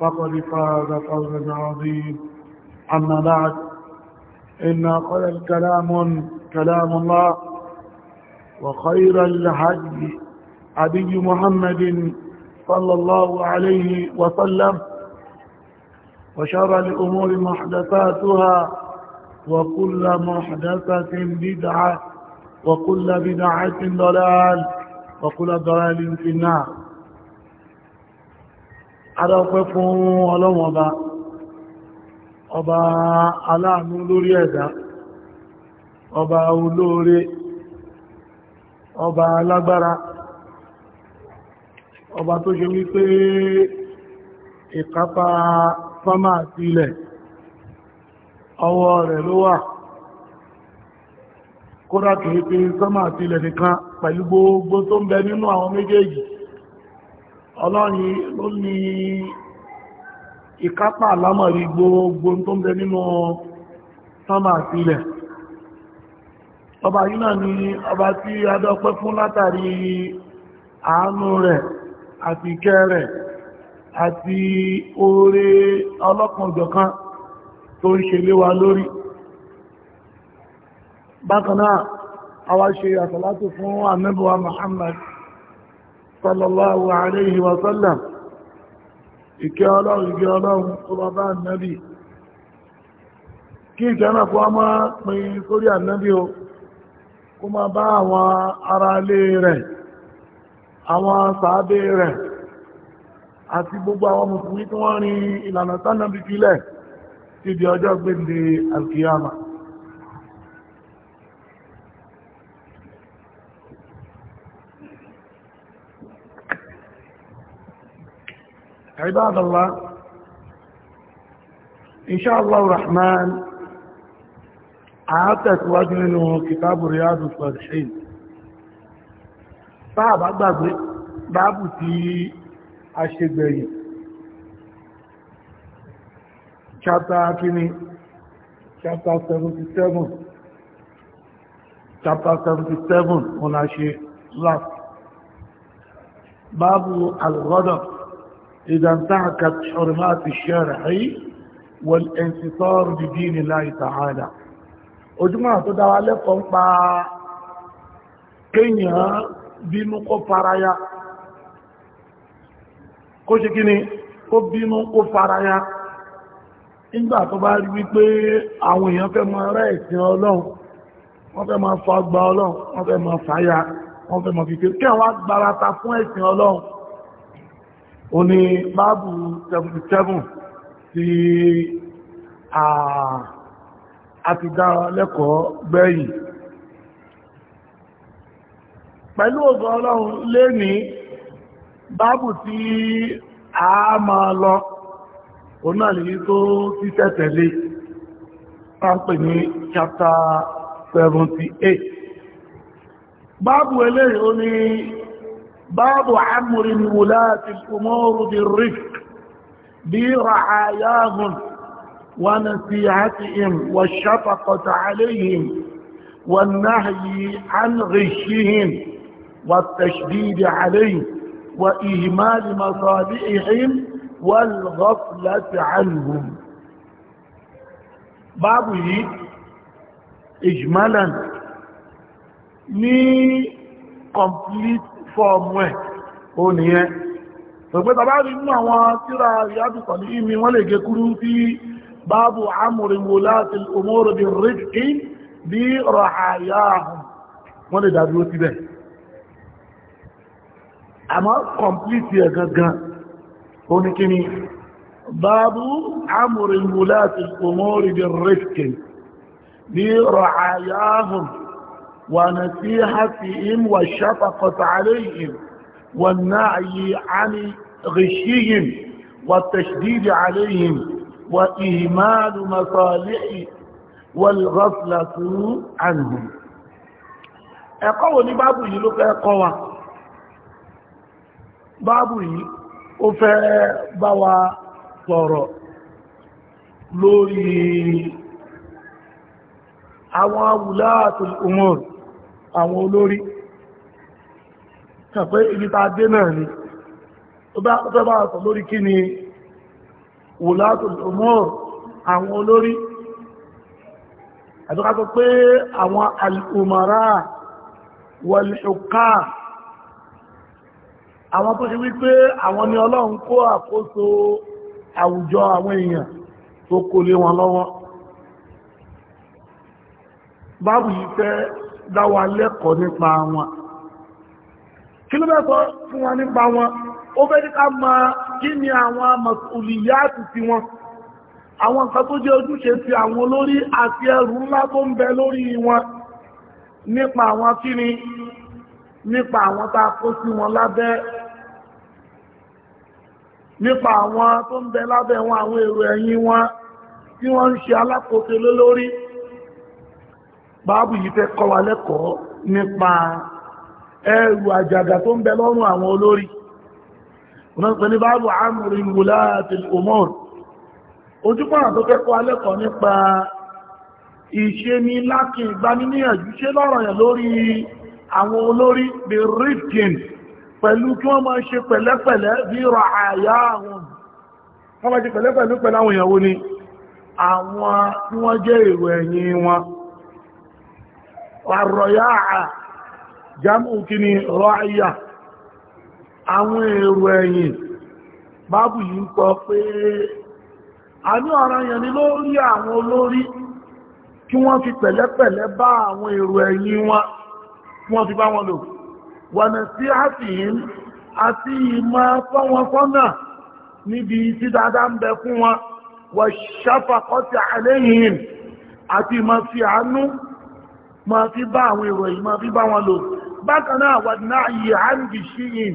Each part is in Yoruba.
فقد فاز فوزا عظيما أما بعد إن خير الكلام كلام الله وخير الهدي هدي محمد صلى الله عليه وسلم وشر الأمور محدثاتها وكل محدثة بدعة وكل بدعة ضلال وكل ضلال في النار adá ọpẹ́ fún ọlọ́run ọba ọba aláàánú lórí ẹ̀dá ọba olóore ọba alágbára ọba tó ṣe wípé ìkápá fámà àti ilẹ̀ ọwọ́ rẹ̀ ló wà kódà kìí pé sọ́mà àti ilẹ̀ nìkan pẹ̀lú gbogbo tó ń bẹ nínú àwọn méjèèjì ọlọ́ni ló ní ìkápá àlámọ̀rí gbogbo tó ń bẹ nínú sánmà sílẹ̀ ọba yìí náà ni ọba tí a dọ́pẹ́ fún látàrí àánú rẹ̀ àti ìkẹ́ rẹ̀ àti oore ọlọ́kanòjọ̀kan tó ń ṣe lé lórí bákan a wá ṣe àsàlátù fún ànábì Muhammad صلى الله عليه وسلم. ìkẹ́ ọlọ́run ìkẹ́ ọlọ́run tó bá bá nẹ́bì kí ìkẹ́ náà fún ọmọ pín sórí ànẹ́bì o kó máa bá àwọn ará ilé rẹ̀ àwọn sàábé rẹ̀ àti gbogbo àwọn mùsùlùmí tí wọ́n rin ìlànà tánàbí fílẹ̀ ti di ọjọ́ gbé di alkiyama. عباد الله إن شاء الله الرحمن عادت وجنه كتاب رياض الصالحين báàbá gbàgbé báàbù tí a ṣe gbẹ̀yìn chapter kini chapter 77 chapter 77 wọn a ṣe last báàbù al-ghadab إذا انتهكت حرمات الشارع والانتصار بدين الله تعالى ojúmọ́ tó dára lẹ́kọ̀ọ́ ń pa kéèyàn bínú kó faraya kó ṣe kí ni kó bínú kó faraya nígbà tó bá rí wípé àwọn èèyàn fẹ́ máa rẹ̀ ìsìn ọlọ́run wọ́n fẹ́ máa fa gba ọlọ́run wọ́n fẹ́ máa fàáyà wọ́n fẹ́ máa fi kéèyàn wá gbarata fún ẹ̀sìn ọlọ́run ó ní báàbù 77 tí a ti dá lẹ́kọ̀ọ́ gbẹ̀yìn pẹ̀lú ògbọ́ ọlọ́run lé ní báàbù tí a máa lọ òun náà lè tó ti tẹ̀tẹ̀lé pàpẹ̀ ní chapter 78 báàbù eléyìí ó ní بعض عمر ولاة الأمور بالرفق برعاياهم ونصيحتهم والشفقة عليهم والنهي عن غشهم والتشديد عليهم وإهمال مصالحهم والغفلة عنهم بابه إجمالا ني complete fọ́ọ̀mù ẹ̀ ó nìyẹn ṣùgbọ́n tàbá rí nínú àwọn tíra ìyádùkọ̀ ní ìmí wọ́n lè gé kúrú sí báàbù amòrìwò láti omóòrò bí rìkì bí rọ̀háyà wọ́n lè dàdúró ونصيحتهم والشفقة عليهم والنعي عن غشهم والتشديد عليهم وإهمال مصالح والغفلة عنهم ẹ̀kọ́ wo ní báàbù yìí ló fẹ́ kọ́ wa báàbù àwọn wùláàtù umur àwọn olórí kàn pé ibi tá dé náà ni ó bá fẹ́ bá sọ lórí kí ni wòlátòl umur àwọn olórí àti ká sọ pé àwọn al'umara wàl'ùká àwọn tó ṣe wípé àwọn ni ọlọ́run kó àkóso àwùjọ àwọn èèyàn tó kò lé wọn lọ́wọ́ báàbù yìí dáwà lẹ́kọ̀ọ́ nípa wọn kí ló bẹ́ sọ fún wọn nípa wọn ó fẹ́ ní ká mọ̀ kí ni àwọn mọ̀sùlùyàtì ti wọn àwọn nǹkan tó jẹ́ ojúṣe ti àwọn olórí àti ẹrù ńlá tó ń bẹ lórí wọn nípa àwọn kí ni nípa àwọn tá a kó sí wọn lábẹ́ nípa àwọn tó ń bẹ lábẹ́ wọn àwọn èrò ẹ̀yìn wọn tí wọ́n ń ṣe alákòóso lólórí báàbù yìí fẹ́ kọ́ wa lẹ́kọ̀ọ́ nípa ẹrù àjàgà tó ń bẹ lọ́rùn àwọn olórí ọ̀nàpẹ̀ ní báàbù amrin wulati al-umur ojúpọ̀ àtọ́ fẹ́ kọ́ wa lẹ́kọ̀ọ́ nípa ìṣe ní lákì ìgbaniníyànjú ṣe lọ́rọ̀ yẹn lórí àwọn olórí àwọn tí wọ́n jẹ́ èrò ẹ̀yìn wọn àrọ̀yáà jámù kí ni rọ́àyà àwọn èrò ẹ̀yìn bábù yìí ń kọ pé a ní ọ̀rọ̀ yẹn ni lórí àwọn olórí kí wọ́n fi pẹ̀lẹ́pẹ̀lẹ́ bá àwọn èrò ẹ̀yìn wọn kí wọ́n fi bá wọn lò wọ̀nà sí àfihìn àti ìmọ̀ fọ́wọn fọ́nà níbi tí dáadáa ń bẹ fún wọn wọ̀ ma fi bá àwọn èrò yìí ma fi bá wọn lò bákanáà wàdínà yìí àrùbì ṣíyìn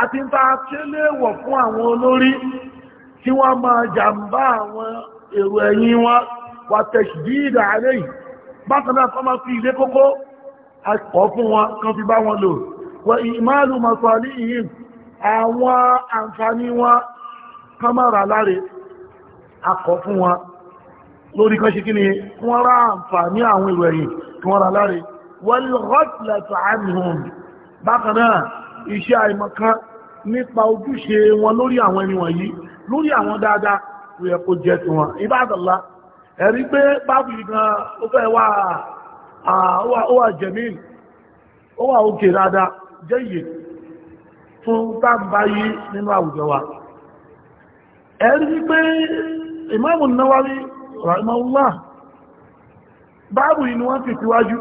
àti ń ta ṣẹlẹ̀wọ̀ fún àwọn olórí tí wọ́n máa jàmbá àwọn èrò ẹ̀yìn wọn wà tẹ̀ṣìdí ìdà yìí bákanáà kọ́ máa fi ilé kókó akọ̀ fún wọn kan fi bá wọn lò wọ ìmáàlù masọ̀lì yìí àwọn àǹfààní wọn kan láre akọ̀ fún wọn lórí kan ṣe kí ni wọ́n rá àǹfààní àwọn èrò ẹ̀yìn tí wọ́n rà láre wal ghaflatu anhum bákan náà iṣẹ́ àìmọ̀kan nípa ojúṣe wọn lórí àwọn ẹni wọ̀nyí lórí àwọn dáadáa tó yẹ kó jẹ́ tiwọn ibádàlá ẹ̀rí pé báàbù gan ó Ìmáàmù Nawawi rahimahullah báàbù yìí ni wọ́n ti tíwájú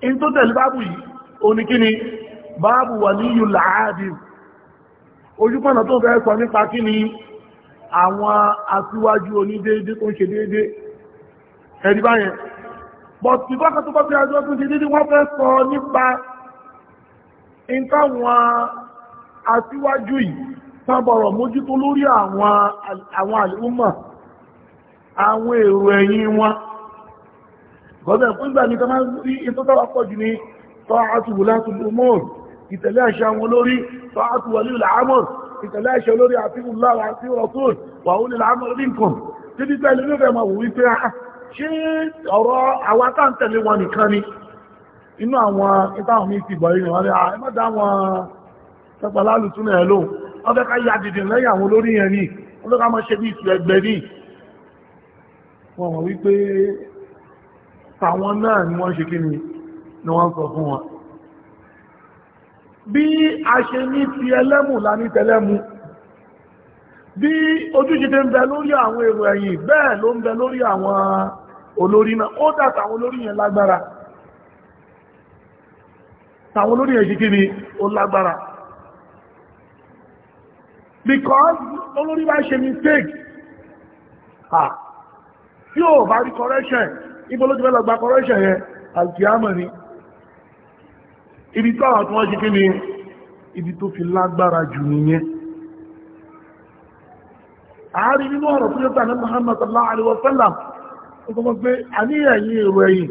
in tó tẹ̀lé báàbù yìí oníkíni báàbù waliyu làádì ojúpọ̀nà tó fẹ́ sọ nípa kí ni àwọn aṣíwájú onídéédé tó ń ṣe déédé ẹ̀rí báyẹn but ìbọ́kà tó bọ́bí ajọ́ tó ṣe déédé wọ́n fẹ́ sọ nípa in táwọn aṣíwájú yìí tán mójútó lórí àwọn àlùmọ̀ àwọn èrò ẹ̀yìn wọn gọ́dẹ̀ fún ìgbà ní tọ́má rí ìtọ́tọ́wà pọ̀ jù ní tọ́àtù látùlùmọ́r ìtẹ̀lé àṣà wọn lórí tọ́àtù wà lílà àmọ́r ìtẹ̀lé àṣà lórí àfihùnláwà àti ọ̀tún wà ó lílà àmọ́r nìkan títí tẹ́lé ló fẹ́ máa wù wípé ah, ah, ṣé ọ̀rọ̀ àwa tá ń tẹ̀lé wọn nìkan ni inú àwọn ìtàwọn mi ti wọ́n mọ̀ wípé tàwọn náà ni wọ́n ṣe kí ni ni wọ́n sọ fún wọn bí a ṣe ní ti ẹlẹ́mù la ní tẹlẹ́mù bí ojúṣe tẹ ń bẹ lórí àwọn èrò ẹ̀yìn bẹ́ẹ̀ ló ń bẹ lórí àwọn olórí náà ó dà tàwọn olórí yẹn lágbára tàwọn olórí yẹn ṣe kí ni ó lágbára because olórí bá ṣe mistake ah tí ó bá rí correction ibo ló ti fẹ́ lọ gba correction yẹn alkiyama ni ibi tó àwọn tí wọ́n ṣe kí ni ibi tó fi lágbára jù nìyẹn ààrin nínú ọ̀rọ̀ tó yọta ní Muhammad sallallahu alaihi wa sallam ó sọ pé àníyàn èrò ẹ̀yìn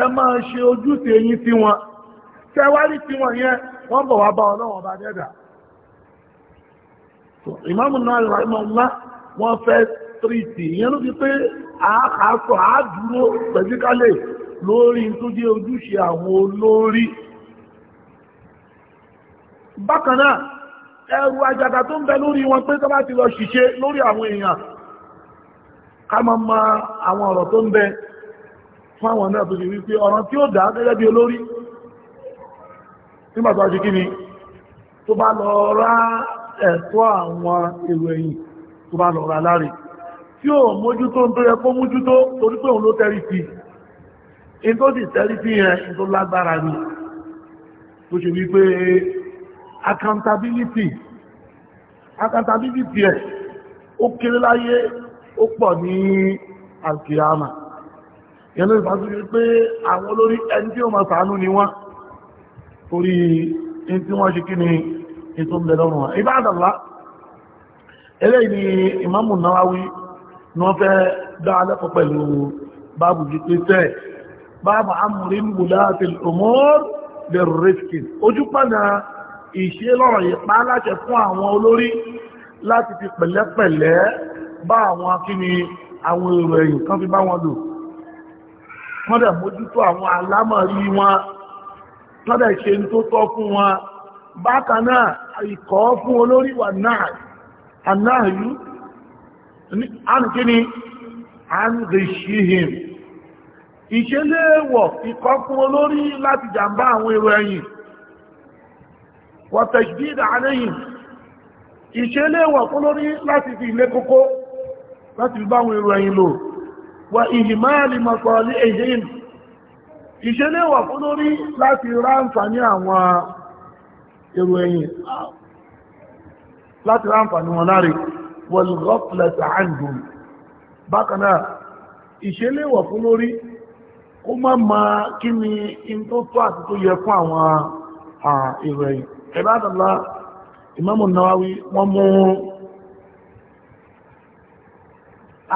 ẹ máa ṣe ojúṣe yín sí wọn tẹwárí tí wọ́n yẹn wọ́n bọ̀ wá bá ọlọ́wọ́n bá dẹ́dà ìmáàmù náà rẹ̀ ìmáàmù fẹ́ tírìtì ìyẹn ló fi pé àákàásọ̀ àádúró pẹ̀síkálẹ̀ lórí tó jẹ́ ojúṣe àwọn olórí bákan náà ẹrù àjàgà tó ń bẹ lórí wọn pé tó bá ti lọ ṣiṣẹ́ lórí àwọn èèyàn ká mọ́ mọ́ àwọn ọ̀rọ̀ tó ń bẹ fún àwọn náà tó ṣe wípé ọ̀ràn tí ó dá gẹ́gẹ́ bí olórí nígbà tó ṣe ni tó bá lọ rá ẹ̀tọ́ àwọn èrò ẹ̀yìn tó bá lọ rá láre tí ó mójútó tó yẹ kó mójútó torí pé òun ló tẹ́rí sí in tó sì tẹ́rí sí yẹn tó lágbára ni tó ṣe wípé accountability accountability ẹ̀ ó kéré láyé ó pọ̀ ní alkiyama yẹnu ìfàṣíwí pé àwọn olórí ẹni tí ó máa ṣàánú ni wọ́n torí in tí wọ́n ṣe kí ni ètò ìbẹ̀lọ́rùn ìbádàlá eléyìí ni Imamu Nawawi ni wọ́n fẹ́ dá alẹ́kọ̀ọ́ pẹ̀lú báàbù jí pé tẹ́ báàbù amúrin wùláàtì òmòr lè rìskì ojú pàdà ìṣe lọ́rọ̀ yìí pa láṣẹ fún àwọn olórí láti fi pẹ̀lẹ́pẹ̀lẹ́ bá àwọn akíni àwọn èrò ẹ̀yìn kan fi bá wọn lò wọ́n dẹ̀ mójútó àwọn alámọ̀rí wọn tọ́dà ṣe ń tó tọ́ fún wọn bákan náà fún olórí wà náà ànáàyú an an lè ṣí him ìṣẹ́léèwọ̀ ìkọkùn olórí láti jàmbá àwọn èrò ẹ̀yìn wọ̀tẹ̀ṣdídà aléyìn ìṣẹ́léèwọ̀ kó lórí láti fi ilé kókó láti fi báwọn èrò ẹ̀yìn lò wà ìhìmáàlì mọ̀sọ̀rọ̀lẹ́ lati ra wọlgọ́pùlẹ̀tà àndùn bákanáà ìṣẹ́léwọ̀ fún lórí kó má ma kí ni in tó tó àti tó yẹ fún àwọn ìròyìn ẹ̀bátàlá Imamu Nawawi wọ́n mú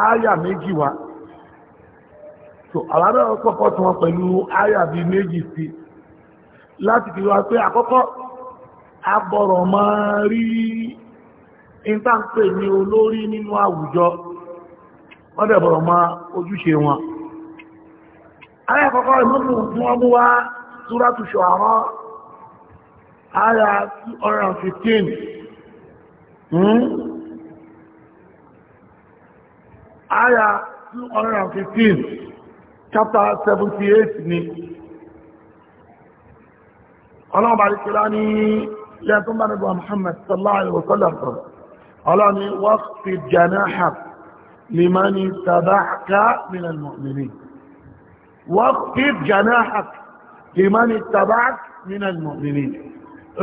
áyà méjì wá so àwárẹ̀ ọkọ̀kọ́ tí wọ́n pẹ̀lú áyà bí méjì sí láti kí wá pé àkọ́kọ́ agbọ́rọ̀ máa rí In ìta ń pè ní olórí nínú àwùjọ wọ́n dẹ̀ bọ̀rọ̀ ma ojúṣe wọn ayẹ́kọ̀ọ́kọ́ ìmọ́mù tí wọ́n mú wá Suratu Shu'ara aya 215 aya 215 chapter 78 ni ọlọ́ọ̀bà ìkìlá ní lẹ́tún bá nígbà Muhammad sallallahu alaihi wasallam ọlọ́ni wọ́pì janaha limani tabaka minal mu'minin wọ́pì janaha limani tabaka minal mu'minin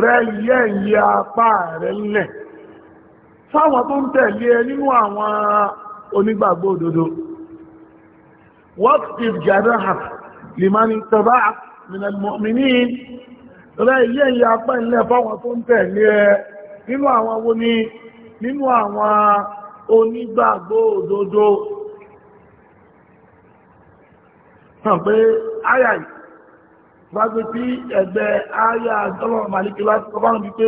rẹ yẹ yẹ apá rẹ lẹ̀ fáwọn tó ń tẹ̀lé ẹ nínú àwọn onígbàgbọ́ òdodo wọ́pì janaha limani tabaka minal mu'minin rẹ yẹ yẹ apá ilẹ̀ fáwọn tó ń tẹ̀lé ẹ nínú àwọn wo nínú àwọn onígbàgbọ́ òdodo hàn pé àyà yìí gbágbé tí ẹgbẹ́ àyà àjọ́lọ̀ màlìkì láti kọbárùn bí pé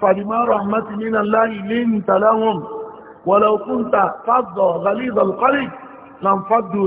fàdìmọ́ rahmatu nínà láyé ilé ìtàláwọn wọ̀lọ̀ òkúnta fàdọ̀ ghalizal qalb لانفضوا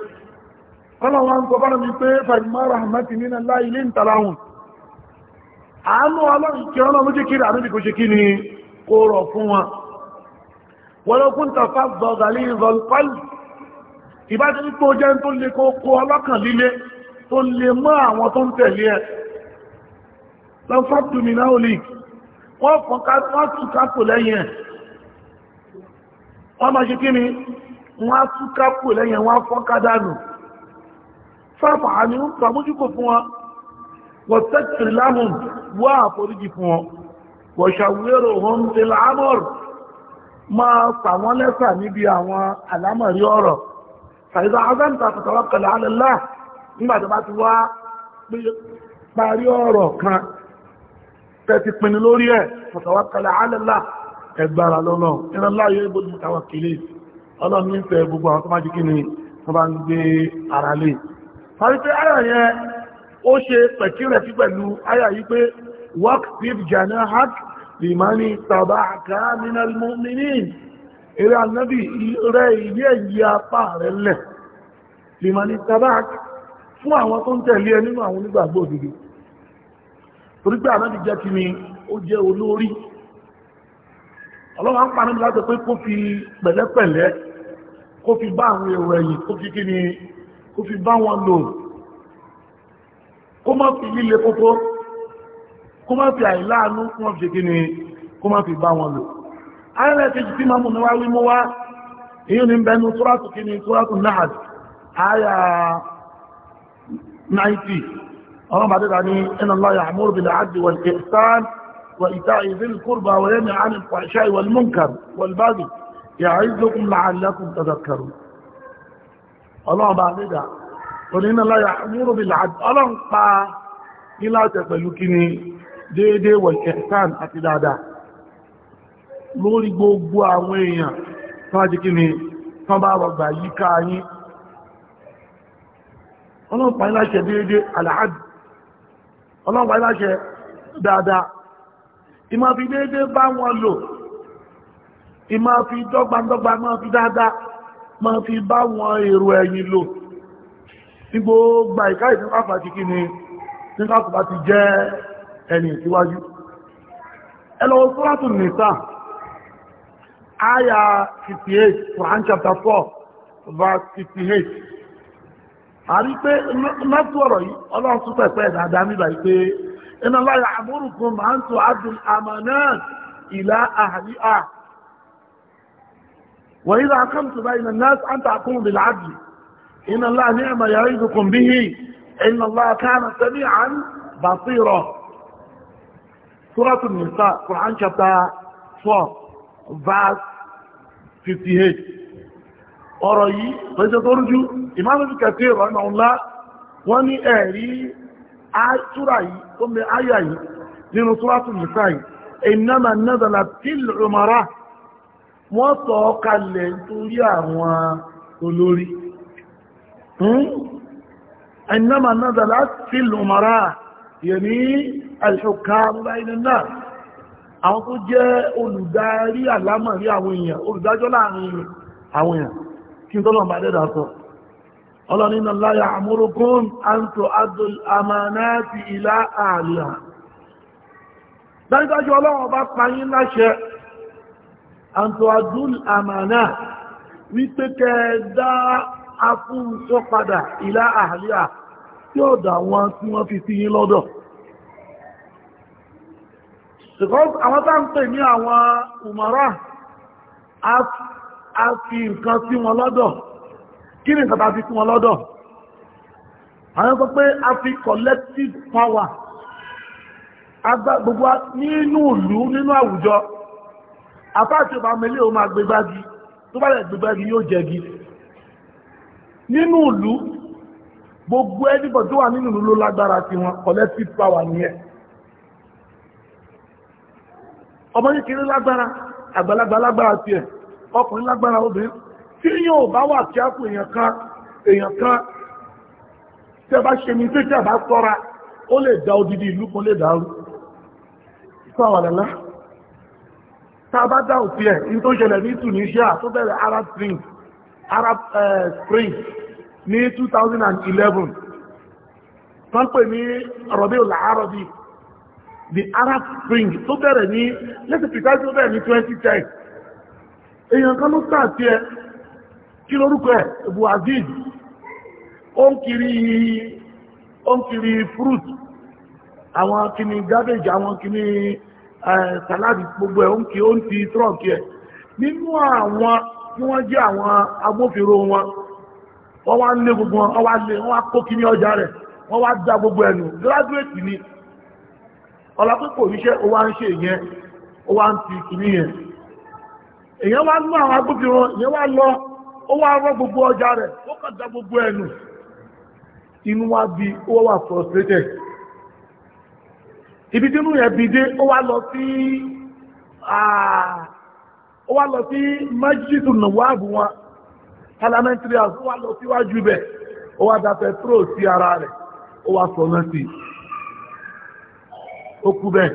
kọ́lọ̀wọ́ ń kọfánà mi pé fàìmára àmàtì nínú láì ilé ìtàláhùn àánú ọlọ́run kí ọlọ́run ló jẹ́ kí ràánú kò ṣe kí ni kó rọ̀ fún wọn wọ́lọ́kún tàfà zọ̀gàlì ìzọ̀lpálì ìbájú pípò jẹ́ tó lè kó kó ọlọ́kàn líle tó lè mọ́ àwọn tó ń tẹ̀lé tún kápò lẹ́yìn ẹ̀ wọ́n máa ṣe kí ni wọ́n tún kápò lẹ́yìn wọ́n fọ́nkádánù fáfà àmì ń pàmójúkò fún wọn wọ́n tẹ́tìrì láhùn wá àforíjì fún wọn wọ́n ṣàwérò wọn ti lámọ̀r máa fà wọ́n lẹ́sà níbi àwọn àlámọ̀rí ọ̀rọ̀ ṣàìdá azáǹtà pàtàkì kẹlẹ̀ alẹ́lá nígbà tó bá ti wá parí ọ̀rọ̀ kan tẹ́tì pinnu lórí ẹ̀ pàtàkì kẹlẹ̀ alẹ́lá ẹgbàrà lọ́nà ìrànlá yóò ibò mùtàwà kìlẹ̀ ọlọ́run nífẹ̀ẹ́ gbogbo àwọn tó má jí ni wọ́n bá ń gbé ara lè parí pé àyà yẹn ó ṣe pẹ̀kírẹ̀ sí pẹ̀lú àyà yìí pé wọ́k bíb jana hak limani tàbá àká minal mu'minin eré anábì rẹ̀ ilé ìyí apá rẹ̀ lẹ̀ limani tàbá fún àwọn tó ń tẹ̀lé ẹ nínú àwọn onígbàgbọ́ òdodo torí pé ànábì jẹ́ kí ni ó jẹ́ olórí ọlọ́wọ́n pa níbi láti pé kó fi pẹ̀lẹ́pẹ̀lẹ́ kó fi bá àwọn èrò ẹ̀yìn kó fi kí ni kó fi bá wọn lò kó má fi líle kókó kó má fi àìláàánú kó má fi kí ni kó má fi bá wọn lò ayẹ́lẹ́kejì tí mamu náwà wí mú wá èyí ni bẹnu túrátù kí ni túrátù náà àyà 90 ọmọ bàdẹ́ta ní inna Allah ya'muru bil 'adli wal ihsan وإيتاء ذي القربى وينهى عن الفحشاء والمنكر والبغي يعظكم لعلكم تذكرون ọlọ́run bá lẹ́dà onínàláyà múrùbìlà ọlọ́run pa níláàtẹ̀ pẹ̀lú kí ni déédéé wọ̀lẹ̀kẹ́sán àti dáadáa lórí gbogbo àwọn èèyàn tán jí kí ni tán bá rọgbà yí ọlọ́run pa níláṣẹ déédéé aláàdì ma fi bá wọn èrò ẹ̀yìn lò tí gbogbo ìká ìfẹ́fàfà ti kí ni tí káàkùbá ti jẹ́ ẹni ìsíwájú ẹlọ́wọ́ sọ́rọ̀tù nìta aya 58 Quran chapter 4 verse 58 a rí pé mẹ́tù ọ̀rọ̀ yìí ọlọ́run pẹ̀pẹ́ ìdáadáa nígbà pé iná láyà àmúrùkún máa ń tó adùn àmà náà ìlà àhàlí àà وإذا أقمت بين الناس أن تقوم بالعدل إن الله نعم يعيدكم به إن الله كان سميعا بصيرا سورة النساء قرآن شابتر 4 verse 58 ọ̀rọ̀ yìí lọ́jọ́ tó rújú ìmáàmù kẹfẹ́ ìrọ̀nà ńlá wọ́n ní ẹ̀rí àtúrà yìí tó mẹ́ àyà yìí nínú Suratul Nisa yìí innama nazalat fil umara wọ́n tọ́ kalẹ̀ nítorí àwọn olórí ẹ̀nàmà náà láti lòmàrá yẹ̀ní alṣọ́ká múláìnà àwọn tó jẹ́ olùdarí àlámọ̀rí àwọn èèyàn olùdájọ́ láàrin àwọn èèyàn kí n tọ́lọ̀ bàdẹ́dà sọ ọlọ́nìyàn láyà àmúrógún àǹtò adol amánáàtì ilá àlìyàn dájúdájú ọlọ́wọ́ bá payín láṣẹ àǹtọ̀adúl àmànà wípé kẹ́ẹ̀dá afúnṣọ́ padà ìlà àhàlíà tí ó dà wọn tí wọ́n fi sí yín lọ́dọ̀ àwọn tá ń pè ní àwọn umara a fi nǹkan sí wọn lọ́dọ̀ kí ni nǹkan tá fi sí wọn lọ́dọ̀ àwọn sọ pé a fi collective power agbá gbogbo nínú ìlú nínú àwùjọ àfáàtì ọba mẹ́lé o máa gbégbági tó bá rẹ̀ gbégbági yóò jẹgi nínú ìlú gbogbo ẹnìbọ̀ tó wà nínú ìlú ló lágbára ti wọn collective power ni ẹ ọmọ kékeré lágbára àgbàlagbà lágbára ti ẹ ọkùnrin lágbára obìnrin tí yóò bá wà kí á kú èèyàn kan èèyàn kan tí ẹ bá ṣe mi tí ẹ bá ṣọ́ra ó lè dá odidi ìlú kan lè dàrú fún àwọn tàbá dá òfin ẹ̀ ní tó ṣẹlẹ̀ ní Tunisia tó bẹ̀rẹ̀ Arab Spring Arab eh, Spring ní 2011 tán pè ní rọ̀bí ọ̀là Arabi, the Arab Spring tó bẹ̀rẹ̀ ní lẹ́sẹ̀ pìtà tó bẹ̀rẹ̀ ní 2010 èèyàn kan ló sáà tí ẹ kí lórúkọ ẹ̀ Bouaziz ó ń kiri ó ń kiri fruit àwọn kìnnì garbage àwọn kìnnì sàláàdì gbogbo ẹ̀ ń kí ó ń ti ẹ̀ nínú àwọn tí wọ́n jẹ́ àwọn gbogbo wọn wọ́n wá lé wọ́n wá kó ọjà da gbogbo ẹ̀nu ni ọlọ́pẹ́pọ̀ oníṣẹ́ ó wá ń ṣe ìyẹn ó wá ń ti yẹn wá nú àwọn agbófinró wá lọ ó wá gbogbo ọjà rẹ̀ ó kàn gbogbo ẹ̀nu inú ibi tí inú yẹn bi dé ó wá lọ sí ó wá lọ sí májísù nàwáàbù wọn parliamentary house ó wá lọ síwájú bẹ̀ ó wá da petrol sí ara rẹ̀ ó wá sọ náà sí ó kú bẹ́ẹ̀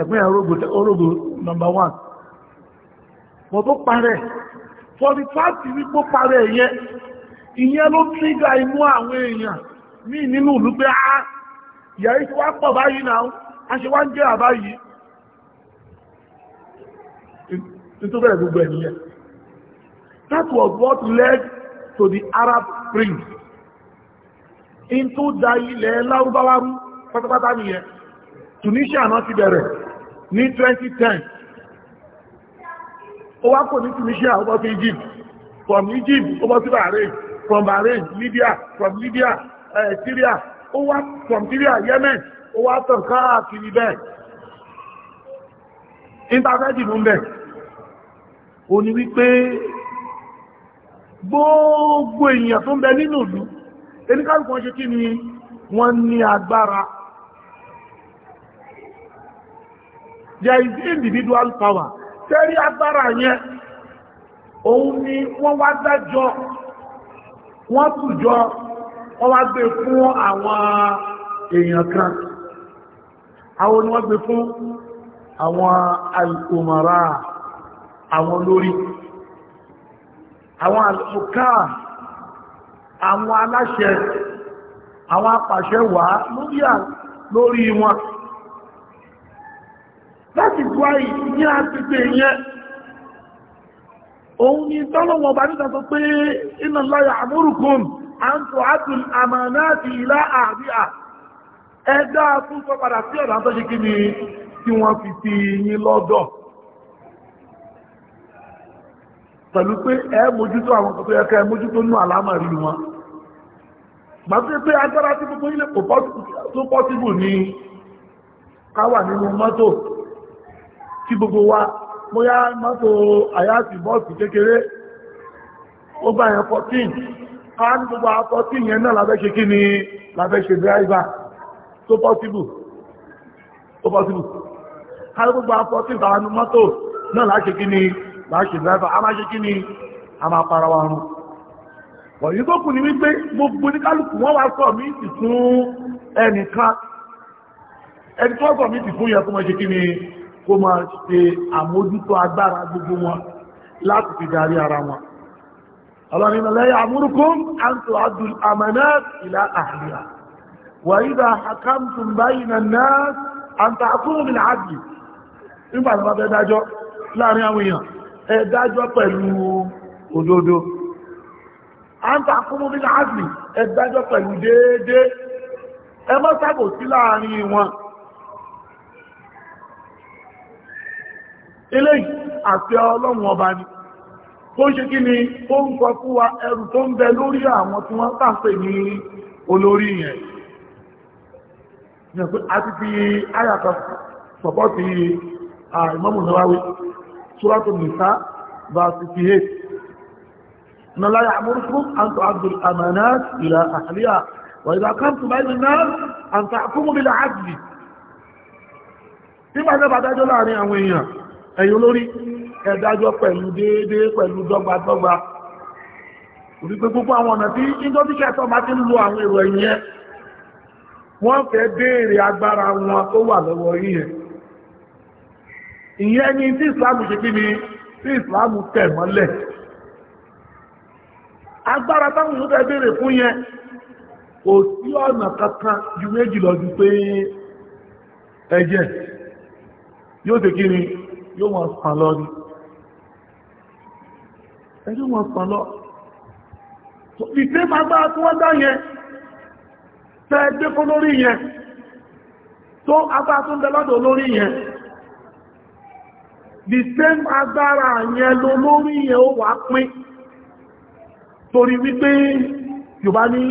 ẹ̀gbọ́n yẹn orógbò number one mo tó parẹ́ for the fact wípó parẹ́ yẹn ìyẹn ló tírígà inú àwọn èèyàn míì nínú ìlú á ìyàrí tí wá pọ̀ báyìí náà a ṣe wá ń jẹ́ àbáyìí tó bẹ̀rẹ̀ gbogbo ẹ̀nìyàn that was what led to the Arab Spring in tó da ilẹ̀ lárúbáwárú pátápátá nìyẹn Tunisia náà ti bẹ̀rẹ̀ ní 2010 ó wá kò ní Tunisia ó bọ́ sí Egypt from Egypt ó bọ́ sí Bahrain from Bahrain Libya from Libya uh, Syria ó wá Nàìjíríà Yemen ó wá tàn káàkiri bẹ́ẹ̀ interfẹ́jì ló ń bẹ̀ ó ni wípé gbogbo èèyàn tó ń bẹ nínú ìlú eníkàlùkù ṣe kí ni wọ́n ní agbára there is individual power tẹ́rí agbára yẹn òun ni wọ́n wá dájọ́ wọ́n tùjọ́ wọ́n wá gbé fún àwọn èèyàn kan àwọn ni wọ́n gbé fún àwọn al'umara àwọn lórí àwọn al'uka àwọn aláṣẹ àwọn apàṣẹ wà lórí lórí wọn láti gbọ́ ní àtìgbè yẹn òun ni tọ́lọ́wọ̀n bá nígbà pé iná láyà àmúrùkùn àǹtò àti àmànà àti ìlà àríà ẹgbẹ́ àtún sọ padà sí ọ̀dà tó ṣe kí ni tí wọ́n fi ti yín lọ́dọ̀ pẹ̀lú pé ẹ mójútó àwọn kòtò ẹ̀kẹ́ ẹ mójútó nú àlámà rí wọn gbàtí pé agbára tí gbogbo ilẹ̀ tó pọ́síbù ní káwà nínú mọ́tò tí gbogbo wa bóyá mọ́tò àyàtì bọ́ọ̀sì kékeré ó gbà yẹn 14 a ń gbogbo àtọ́ tí ìyẹn náà lábẹ́ ṣe kí ni lábẹ́ ṣe dráìvà tó pọ́síbù tó pọ́síbù a ń gbogbo àtọ́ tí ìbánu mọ́tò náà láṣe kí ni láṣe dráìvà a máa ṣe kí ni a máa para wa run ọ̀yí tó kù ní wípé gbogbo ní kálùkù wọ́n wá sọ mí ti fún ẹnìkan ẹni tó sọ mí ti fún yẹ kó máa ṣe kí ni kó máa ṣe àmójútó agbára gbogbo wọn láti fi darí ara wọn ọlọ́rin lẹ́yà amúrúkún àǹtò àdùl àmànà ìlà àhìyà wà ìdá àkàmtùn báyìí na náà àǹtà àkúrùn ìlà àdì nígbà tó bá fẹ́ dájọ́ láàrin àwọn èèyàn ẹ dájọ́ pẹ̀lú òdodo àǹtà àkúrùn ìlà àdì ẹ dájọ́ pẹ̀lú déédé ẹ mọ́ sábò sí láàrin wọn eléyìí àti ọlọ́run ọba ni tó ń ṣe kí ni ó ń kọ fún wa ẹrù tó ń bẹ lórí àwọn tí wọ́n tàpè ní olórí yẹn yẹn pé a ti fi àyàkà sọ̀pọ̀ ti Imam Nawawi Suratu Nisa bá ti fi hẹ́ na la ya'murukum an tu'addu al-amanat ila ahliha wa idha qamtum bayna an-nas an tahkumu bil 'adl Nígbàtẹ́ bàdájọ́ láàrin àwọn èèyàn, Eyi olórí ẹ dájọ́ pẹ̀lú déédéé pẹ̀lú dọ́gbadọ́gba òbí pé àwọn ọ̀nà tí tó máa ti ń lo àwọn èrò ẹ̀yìn wọ́n fẹ́ béèrè agbára wọn tó wà lọ́wọ́ yíyẹn ìyẹn ni tí ìsìláàmù ṣe tẹ̀ mọ́lẹ̀ agbára táwọn béèrè fún yẹn kò sí ọ̀nà ju ju pé ẹ̀jẹ̀ yóò yóò wọ́n sàn lọ ní ẹjọ́ wọ́n sàn lọ ìfẹ́ máa bá tí wọ́n dá yẹn tẹ́ gbé fún lórí yẹn tó agbá tó ń bẹ lọ́dọ̀ lórí yẹn the same agbára yẹn ló lórí yẹn ó wà pín torí wípé Yorùbá ní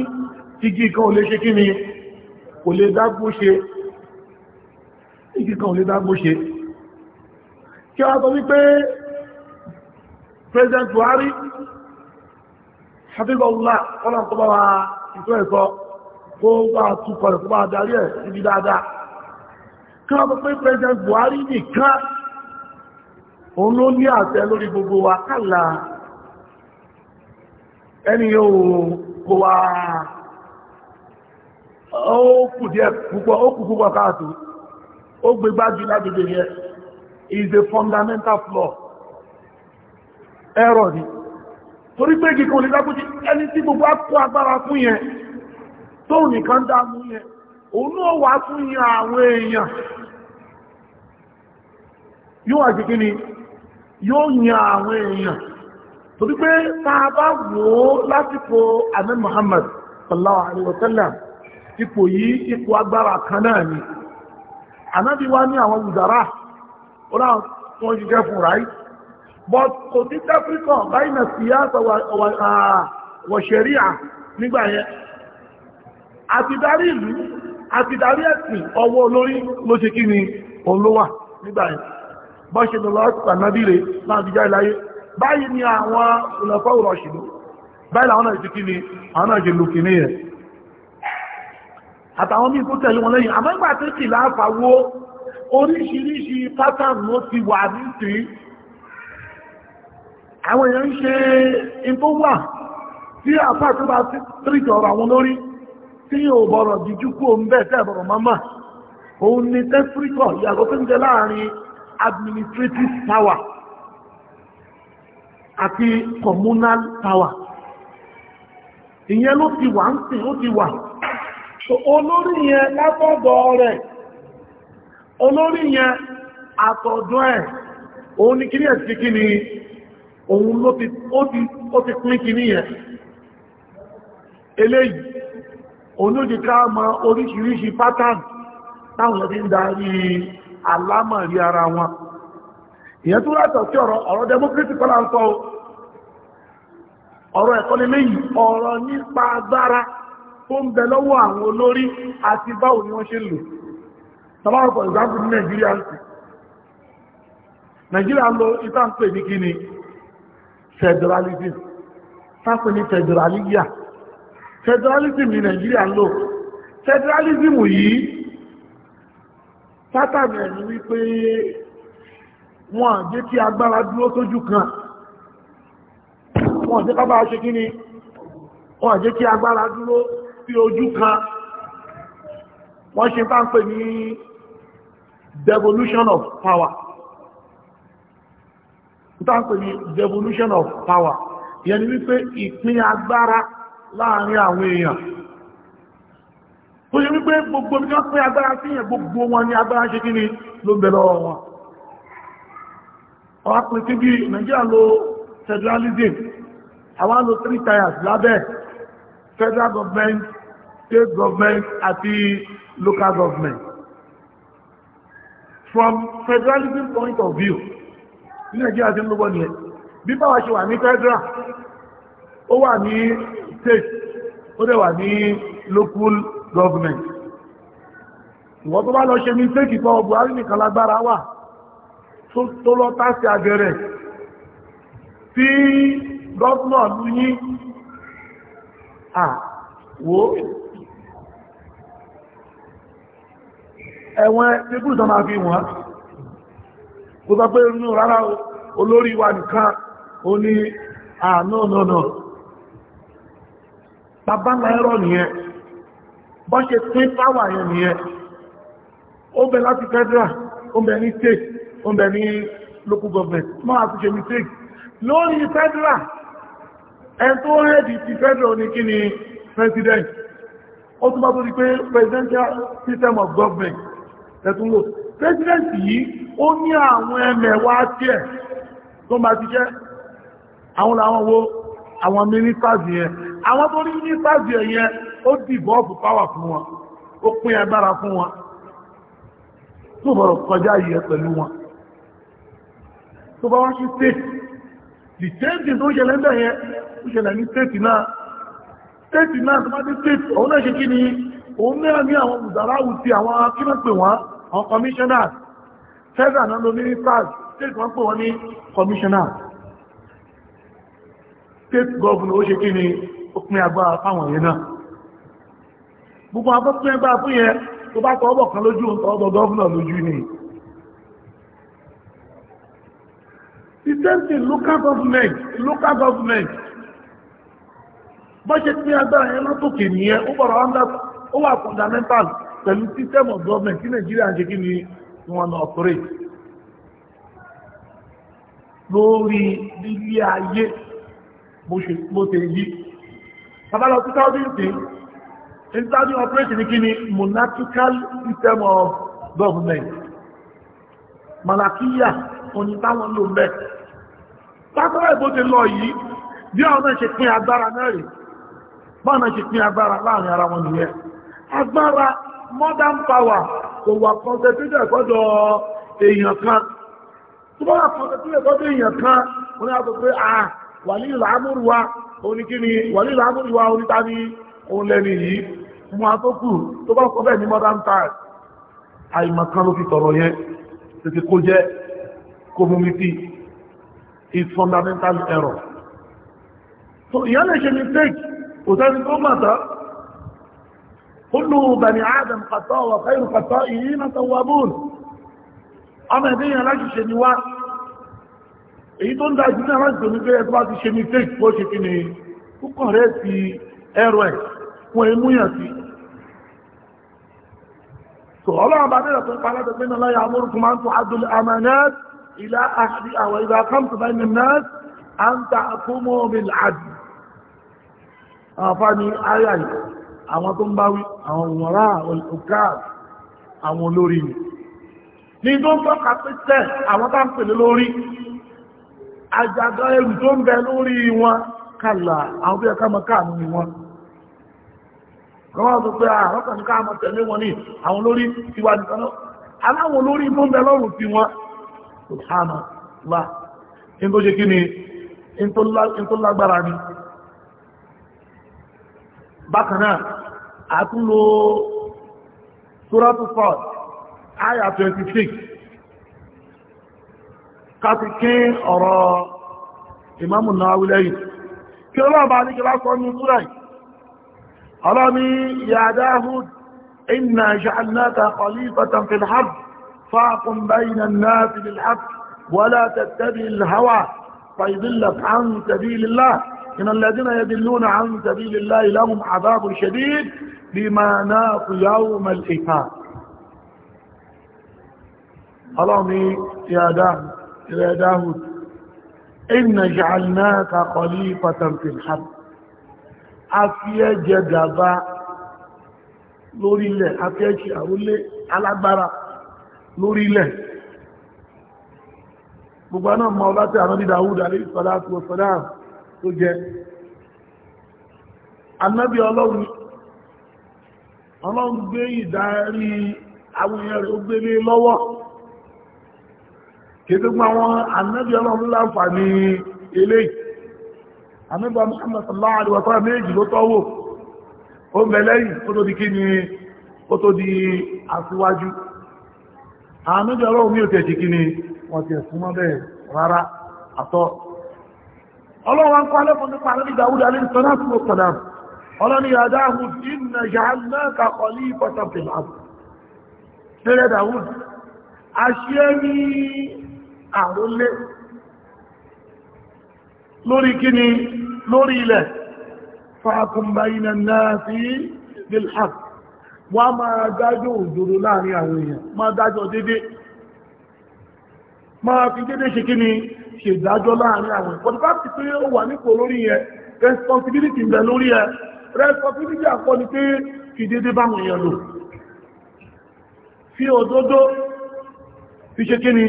igi kan ò lè ṣe kí ni kò lè dágbó ṣe igi kan ò lè dágbó ṣe kí wá sọ wípé President Buhari Habibullah ọlọ́run tó bá wa ìtọ́ ẹ̀kọ́ kó bá túkọ̀ rẹ̀ kó bá darí ẹ̀ síbi dáadáa kí wá sọ Buhari nìkan òun ló ní àṣẹ lórí gbogbo wa kàlà ẹni yóò kó wa ó kù díẹ̀ púpọ̀ ó kù is a fundamental flaw error ni torí pé kíkún onígbàgbójí ẹni tí gbogbo akọ agbára fún yẹn tó nìkan dámú yẹn òun náà wà fún yẹn àwọn èèyàn yóò àjíkí ni yóò yàn àwọn èèyàn torí pé táa bá wò ó lásìkò ahmed muhammad ipò yìí ipò agbára kan náà ni anábíwá ní ó náà wọ́n jíjẹ́ fún ráì but kò ní tẹ́fríkọ̀ báyìí nà sí yáà wọ̀ṣẹ̀ríà nígbà yẹn àti darí ìlú àti darí ẹ̀sìn ọwọ́ olórí ló ṣe kí ni olówà nígbà yẹn bọ́ ṣe lọ́lọ́ pànábìrè náà ìláyé báyìí ni àwọn ìlọ̀fọ́ ìrọ̀ṣìlú báyìí làwọn náà ti kí ni àwọn náà ṣe lòkì ní ẹ̀ àtàwọn oríṣiríṣi pattern ló ti wà nítorí àwọn èèyàn ń ṣe in tó wà tí àpá tó bá tríjọ ọ̀rọ̀ àwọn lórí tí yóò bọ̀rọ̀ jíjú kú o ń bẹ́ẹ̀ tẹ́ bọ̀rọ̀ mọ́mà òun ni tẹ́fríkọ̀ ìyàgò tó ń jẹ láàrin administrative power àti communal power ìyẹn ló ti wà ń sìn ó ti wà olórí yẹn lábọ́dọ̀ rẹ̀ olórí yẹn àtọ̀dọ́ ẹ̀ òun ní kíní ẹ̀sì kí ni òun ló ti pín kíní yẹn eléyìí òun ló jẹ ká mọ oríṣiríṣi pátán táwọn ń darí rí ara wọn ìyẹn tó látọ̀ sí ọ̀rọ̀ ọ̀rọ̀ democracy kọ́lá ń sọ ọ̀rọ̀ ẹ̀kọ́ ni ọ̀rọ̀ nípa agbára tó ń tàbáwọ̀ for example ní Nigeria sí Nigeria lọ ìta ń pè ní kí ni federalism sáfẹ́ ní federaliya federalism ní Nigeria lọ federalism yìí sátàmì ẹ̀yìn wípé wọn àjẹ́ kí agbára dúró sójú kan wọn àjẹ́ kábára ṣe kí ni wọ́n jẹ́ kí agbára dúró sí ojú kan wọ́n ṣe bá ń pè ní devolution of power ìtàkùn ní devolution of power yẹni wípé ìpín agbára láàrin àwọn èèyàn tó yẹ wípé gbogbo bí wọ́n pín agbára sí yẹn gbogbo wọn ní agbára ṣe kí ni ló bẹ̀rẹ̀ wọn ọwá pín sí bí Nigeria lo federalism àwọn lo three tiers lábẹ́ federal government state government àti local government from federalism point of view ní Nàìjíríà tí ń lọ́gbọ́ ní ẹ̀ bí bá wa ṣe wà ní federal ó wà ní state ó dẹ̀ wà ní local government ìwọ́n tó bá lọ ṣe mistake ìpọ̀ Buhari nìkan lágbára wà tó lọ tásí agẹrẹ tí gọ́ọ̀nà lú yí ẹ̀wọ̀n ẹgbùn tó máa fi wọ́n kò sọ pé inú rárá olórí wa nìkan ní nìyẹn bọ́ ṣe pín yẹn nìyẹn ó bẹ láti federal ó bẹ ní state ó bẹ ní local government ṣe lórí federal ẹn tó rẹ́dì ti federal ní kí ni president ó tó di pé presidential tẹ́tún lò pẹ́sidẹ́ntì yìí ó ní àwọn ẹmẹ̀wà tíẹ̀ tó máa ti jẹ́ àwọn làwọn wo àwọn ministers yẹn àwọn tó ní ministers yẹn ó dìbò ọ̀pù power fún wọn ó pín agbára fún wọn tó bọ̀rọ̀ kọjá yìí pẹ̀lú wọn tó bá wọ́n sí state the state tó ṣẹlẹ̀ ń bẹ̀yẹn ó ṣẹlẹ̀ ní state náà state náà tó bá dé state òun náà ṣe kí ni òun náà ní àwọn mùsàláwù ti àwọn akínàpè wọn àwọn commissioners federal náà ló ministers state wọ́n pè wọ́n ní commissioners state governor ó ṣe kí ni òpin agbára fáwọn èèyàn náà gbogbo agbọ́pin ẹgbà fún yẹn tó bá tọ́ọ̀bọ̀ kan lójú ọ̀tọ̀ governor lójú ni the same thing local government local government bọ́ṣe pín agbára yẹn látòkè nìyẹn ó bọ̀rọ̀ ó wà fundamental pẹ̀lú system of government tí nàìjíríà ń ṣe kí ni wọ́n na operate lórí lílé ayé bó ṣe yí babalọ 2010 ìtàdí operate ní kí ni monarchical system of government malakiya oní táwọn ló mẹ́ pátọ́rọ̀ ìbó ti lọ yìí bí àwọn náà ṣe pín agbára náà rẹ̀ bá náà ṣe pín agbára láàrin ara wọn nìyẹn agbára modern power kò wà concentrated ẹ̀kọ́dọ̀ èèyàn kan tó bá wà concentrated ẹ̀kọ́dọ̀ èèyàn kan wọ́n ní àtọ́ pé à wàlí ìlàmúrù wa oníkíni wàlí ìlàmúrù wa onítàní òun lẹ́ni yìí mú àtókù tó bá kọ́ bẹ́ẹ̀ ní modern time àìmọ̀kan ló fi tọ̀rọ̀ yẹn tètè kó jẹ́ community is fundamental error so ìyá lè ṣe mistake òtẹ́ni tó mọ̀ tán كل بني آدم خطاء وخير خطائين توابون أما دي لك شنوا èyí tó ń dá ìdíná láti tó ní pé ẹgbẹ́ bá ti ṣe ní tèkì bó ṣe kí ni púpọ̀ rẹ̀ ti ẹ̀rọ ẹ̀ fún ẹmúyàn sí tó ọlọ́run bá bẹ̀rẹ̀ tó ń pará tó pínà láyé amórùkú máa ń tó adúlé amanat ilá àṣì àwọn ìgbà kọ́mtù bá ní nas an ta àkómọ́ bil adl àfáàní ayáyìí àwọn tó ń bá wí àwọn òmọ̀rá òkáàd àwọn olórí ni ní tó ń tọ́ka pé tẹ́ àwọn tá ń pèlé lórí àjàgà ẹrù tó ń bẹ lórí wọn kàlà àwọn bí ẹka mọ́ká ní wọn wọ́n sọ pé àwọn kan mọ́ tẹ̀lé wọn ní àwọn olórí ti àtúnlò sóràtù fọ́d àyà 26 káti kí ọ̀rọ̀ ìmáàmù Nawawi lẹ́yìn kí ọlọ́run bá ní kílá sọ ní súrà yìí ọlọ́ni ya Dawud inna ja'alnaka khalifatan fil ard fa'qum bayna an-nasi bil haqq wa la tattabi' al عن سبيل الله إن الذين يدلون عن سبيل الله لهم عذاب شديد بما ناق يوم الحساب اللهم يا داود يا داود إن جعلناك خليفة في الحرب أفيا جدبا lórí ilẹ̀ afẹ́ẹ̀kì àwọlé alágbára lórí ilẹ̀ gbogbo náà ma ọlá tí ànábì Dáúdù alayhi salatu wa salam ọlọ́run gbé ìdarí àwọn èèyàn rẹ̀ ó gbé lé lọ́wọ́ kìtìgbà wọn ànábì ọlọ́run láǹfààní eléyìí ànábì Muhammad sallallahu alaihi wa sallam méjì ló tọ́wò ó ń bẹ lẹ́yìn ó tó di kí ni ó tó di aṣíwájú ànábì ọlọ́run mi ò tẹ̀ sí kí ni wọ́n ti ẹ̀sùn mọ́ rárá àtọ́ ọlọ́run wa ń kọ́ alẹ́kùn nípa alẹ́ ọlọ́ni àdáhùn ìnà jàánà kàkọ̀ ní pọ̀tàpìlàpù tẹ́rẹ dáhùn aṣíẹ́ ní àrólé lórí kíni lórí ilẹ̀ fàákùnbáyìnà náà sí bilhaq wá máa dájọ́ òjòrò láàrin àwọn èèyàn máa dájọ́ dédé máa fi dédé ṣe kíni ṣèdájọ́ láàrin àwọn èèyàn pọ̀tàpìlàpù pé ó wà nípò lórí yẹn responsibility ń bẹ lórí yẹn responsibility àkọ́ ni pé fi dédé bá wọn èèyàn lò fi òdodo fi ṣe kíni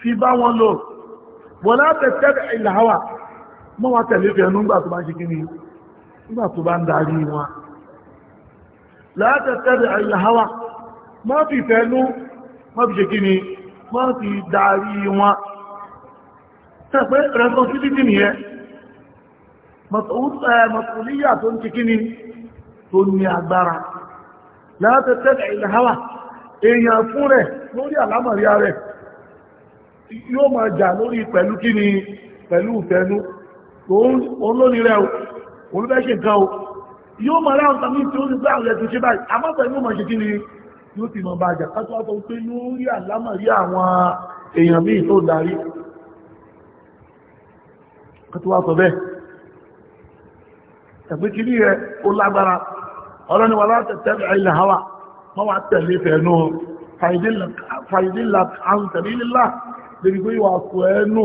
fi bá wọn lò wọ́n látẹ̀ tẹ́lẹ̀ ìlàáwà mọ́ wọn tẹ̀lé fẹ́ nígbà tó bá ṣe kíni nígbà tó bá ń darí wọn látẹ̀ tẹ́lẹ̀ ìlàáwà mọ́ fi fẹ́nú mọ́ fi ṣe kíni mọ́ fi darí wọn tẹ́ pé nìyẹn mọ̀tòlíyà eh, tó ń ti kí ni tó ní agbára láti tẹ́lẹ̀ ìlàáwà èèyàn fún rẹ̀ lórí àlámọ̀ríà rẹ̀ yóò máa jà lórí pẹ̀lú kí ni pẹ̀lú ìfẹ́nú òun lónìí rẹ̀ olúbẹ́ṣe nǹkan o yóò máa ráhùn tàbí tí ó ní gbá àwọn ẹ̀tùn ṣe báyìí àmọ́pẹ̀ ma máa ṣe kí ni yóò èèyàn tàbí kí ní ẹ ó lágbára ọlọ́ni wà láti tẹ́lẹ̀ ilẹ̀ hawa ma wá tẹ̀lé fẹ̀ẹ́nú fàìdílà àǹtẹ̀lélá lórí pé ìwà kò ẹnu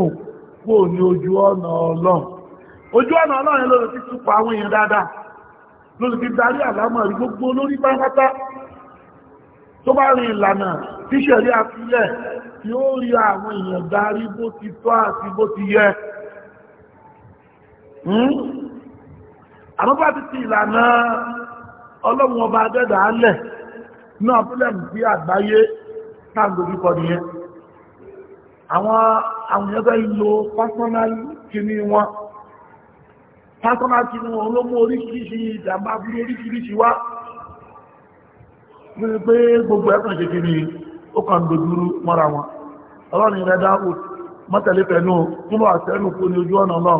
kò ojú ọ̀nà ojú ọ̀nà lórí ti àwọn èèyàn dáadáa lórí ti darí àlámọ̀ rí gbogbo lórí pátápátá tó bá rí ìlànà tí ṣẹ̀rí àfilẹ̀ àmọ́ bá ti ti ìlànà ọlọ́run ọba agẹ́dà alẹ̀ náà búlẹ̀mù sí àgbáyé náà lórúkọ nìyẹn àwọn àwọn ẹgbẹ́ personal kìíní wọn personal kìíní wọn ló mú oríṣiríṣi ìjàmbá fún oríṣiríṣi wá wípé pé gbogbo ẹ̀kàn ṣe kìíní ó kàn dojúrú mọ́ra wọn ọlọ́run rẹ̀ dáhùn mọ́tẹ̀lẹ́fẹ̀ẹ́ náà kúrò àtẹ́rù kó ojú ọ̀nà náà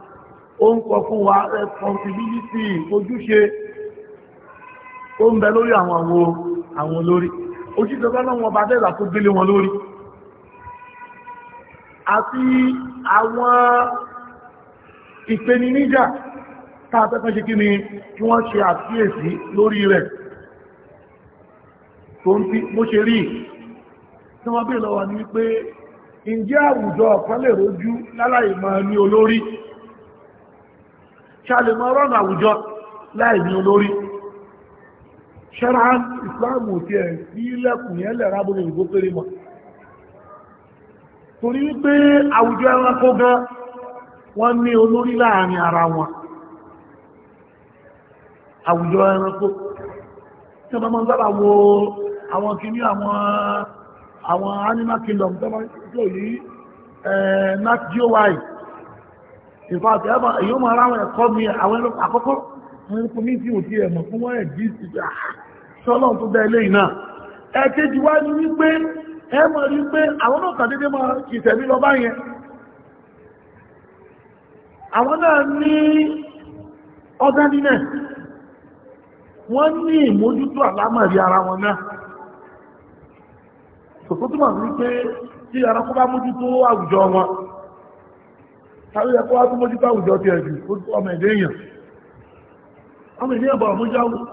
ó ń kọ fún wa responsibility ojúṣe ó ń bẹ lórí àwọn àwọn àwọn olórí ojúṣe ọlọ́run ọba dẹ́gbà tó gbélé wọn lórí àti àwọn ìpèníjà tààtẹ́fẹ́ ṣe kí ni kí wọ́n ṣe àkíyèsí lórí rẹ̀ tó ń tí mo ṣe rí tí wọ́n bí lọ́wọ́ ní pé ǹjẹ́ àwùjọ ọ̀pọ̀ lè láláì máa ní olórí ṣàlè mọ́ ọ̀rọ̀ àwùjọ láì ní olórí ṣẹ́rán ìsìláàmù ti ẹ̀ sí ilẹ̀kùn yẹn lẹ̀ rábọ̀lẹ̀ ìgbó péré mọ̀ torí wípé àwùjọ ẹranko gan wọ́n ní olórí láàrin ara wọn àwùjọ ẹranko tí wọ́n máa ń sábà wo àwọn kìíní àwọn animal kingdom tó yí eh, ìfàtí ẹ̀mà èyí ó máa ra àwọn ẹ̀kọ́ mi àwọn ẹ̀rọ àkọ́kọ́ àwọn ẹ̀rọ mi tí ò ti ẹ̀mọ̀ fún wọ́n ẹ̀dí sí sọ́nà ah, tó dá ilé ìná ẹ̀kejì wá ní wípé ẹ̀mọ̀ rí pé àwọn náà kàn dédé máa ìtẹ̀mí lọ báyẹn àwọn náà ní wọ́n ní ìmójútó àlámọ̀rí ara wọn náà tòkótúmọ̀ wípé tí ara kó bá mójútó àwùjọ wọn tàbí ẹkọ́ wá tó mójútó àwùjọ ti ẹ̀jù ọmọ èdè èèyàn ọmọ èdè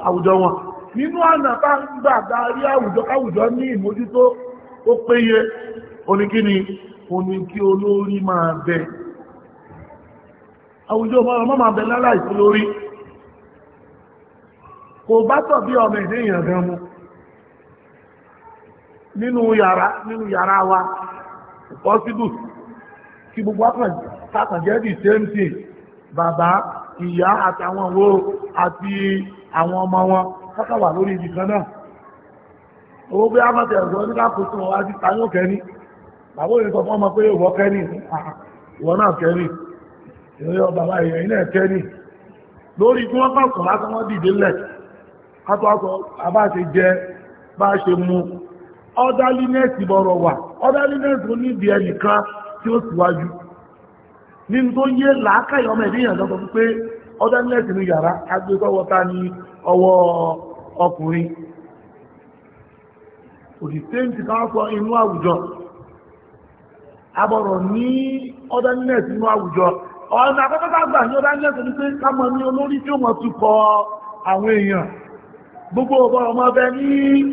àwùjọ wọn nínú àná ń gbà àwùjọ ní ìmójútó ó péye oníkíni oní kí olórí máa bẹ àwùjọ ọmọ máa bẹ láláì sí kò bá tọ̀ bí ọmọ wa possible kí gbogbo kàkànjẹ́ bí sẹ́ńtì bàbá ìyá àtàwọn wo àti àwọn ọmọ wọn kọ́kàwà lórí ibi kan náà owó bí a mọ́tẹ̀ ẹ̀rọ ní káàkóso wọn wá sí tayó kẹ́ni bàbá òyìn sọ fún ọmọ pé ìwọ kẹ́ni ìwọ náà kẹ́ni ìrẹ́ bàbá ìyẹn náà kẹ́ni lórí tí wọ́n kọ̀ọ̀kan lásán wọ́n dìde lẹ̀ kátọ́ àbá ṣe jẹ bá ṣe mu ọ́dálínẹ́ẹ̀sì bọ̀rọ̀ wà ọ́dálínẹ́ẹ̀sì ó nídìí ẹnìkan tí ó síwájú ní tó yé làákàyọ̀ ọmọ ìdíyàn lọ́tọ̀ pé ọdá nílẹ̀sì ní yàrá agbégbọ́wọ́ ta ní ọwọ́ ọkùnrin òdìtẹ́ ti káwọ́ sọ inú àwùjọ ní ọdá inú àwùjọ ọ̀nà gbogbo ní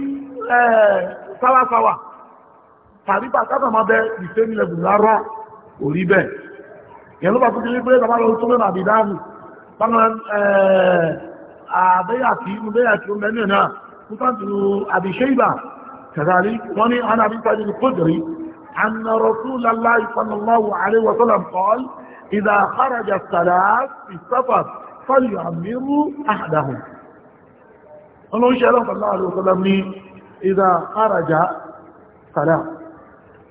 tàbí yẹn ló bá tó kéré pé bàbá lọ tó mẹ́rin àbìdáàmì báwọn àbẹ́yàtì inú bẹ́yàtì ó mẹ́rin náà fún fàtí àbìṣẹ́ أن رسول الله صلى الله عليه وسلم قال إذا خرج الثلاث في السفر فليعمروا أحدهم ọlọ́run ṣe aláwọ̀ aláwọ̀ alẹ́wọ̀sọ́lám ní ìdá àràjá sàdá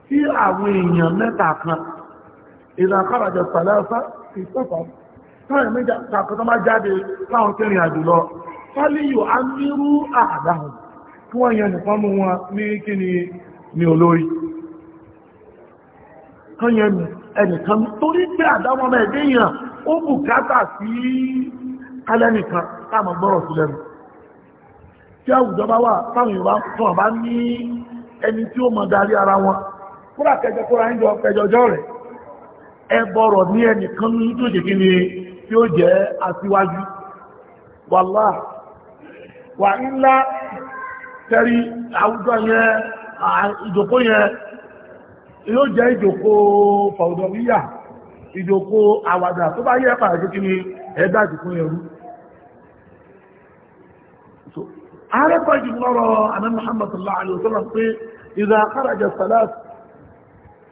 tí àwọn èèyàn mẹ́ta kan ìlà àkàràjọ sàlẹ́sà ìsọ́fà táwọn méjà tàkọ́ tó máa jáde láwọn kẹrin àjò lọ fálíyò á nírú àdáhùn kí wọ́n yẹn nìkan mú wọn ní kí ni ní olórí kan ẹnìkan torí pé àdáwọn ọmọ ẹ̀dẹ́ yẹn ó sí gbọ́rọ̀ sí lẹ́nu tí wà táwọn ẹni tí ó mọ̀ darí ara wọn kúrà kẹjọ kúrà ń ẹbọ̀rọ̀ ní ẹnìkan ní tó ṣe kí ni tí ó jẹ́ aṣíwájú wà ńlá tẹ́rí àwùjọ yẹn ìjòkó yẹn yóò jẹ́ ìjòkó fàúdọ̀wíyà ìjòkó àwàdà tó bá yẹ pàdé kí ni ẹ̀dá ìjòkó yẹn rú ààrẹ pàjù lọ́rọ̀ àná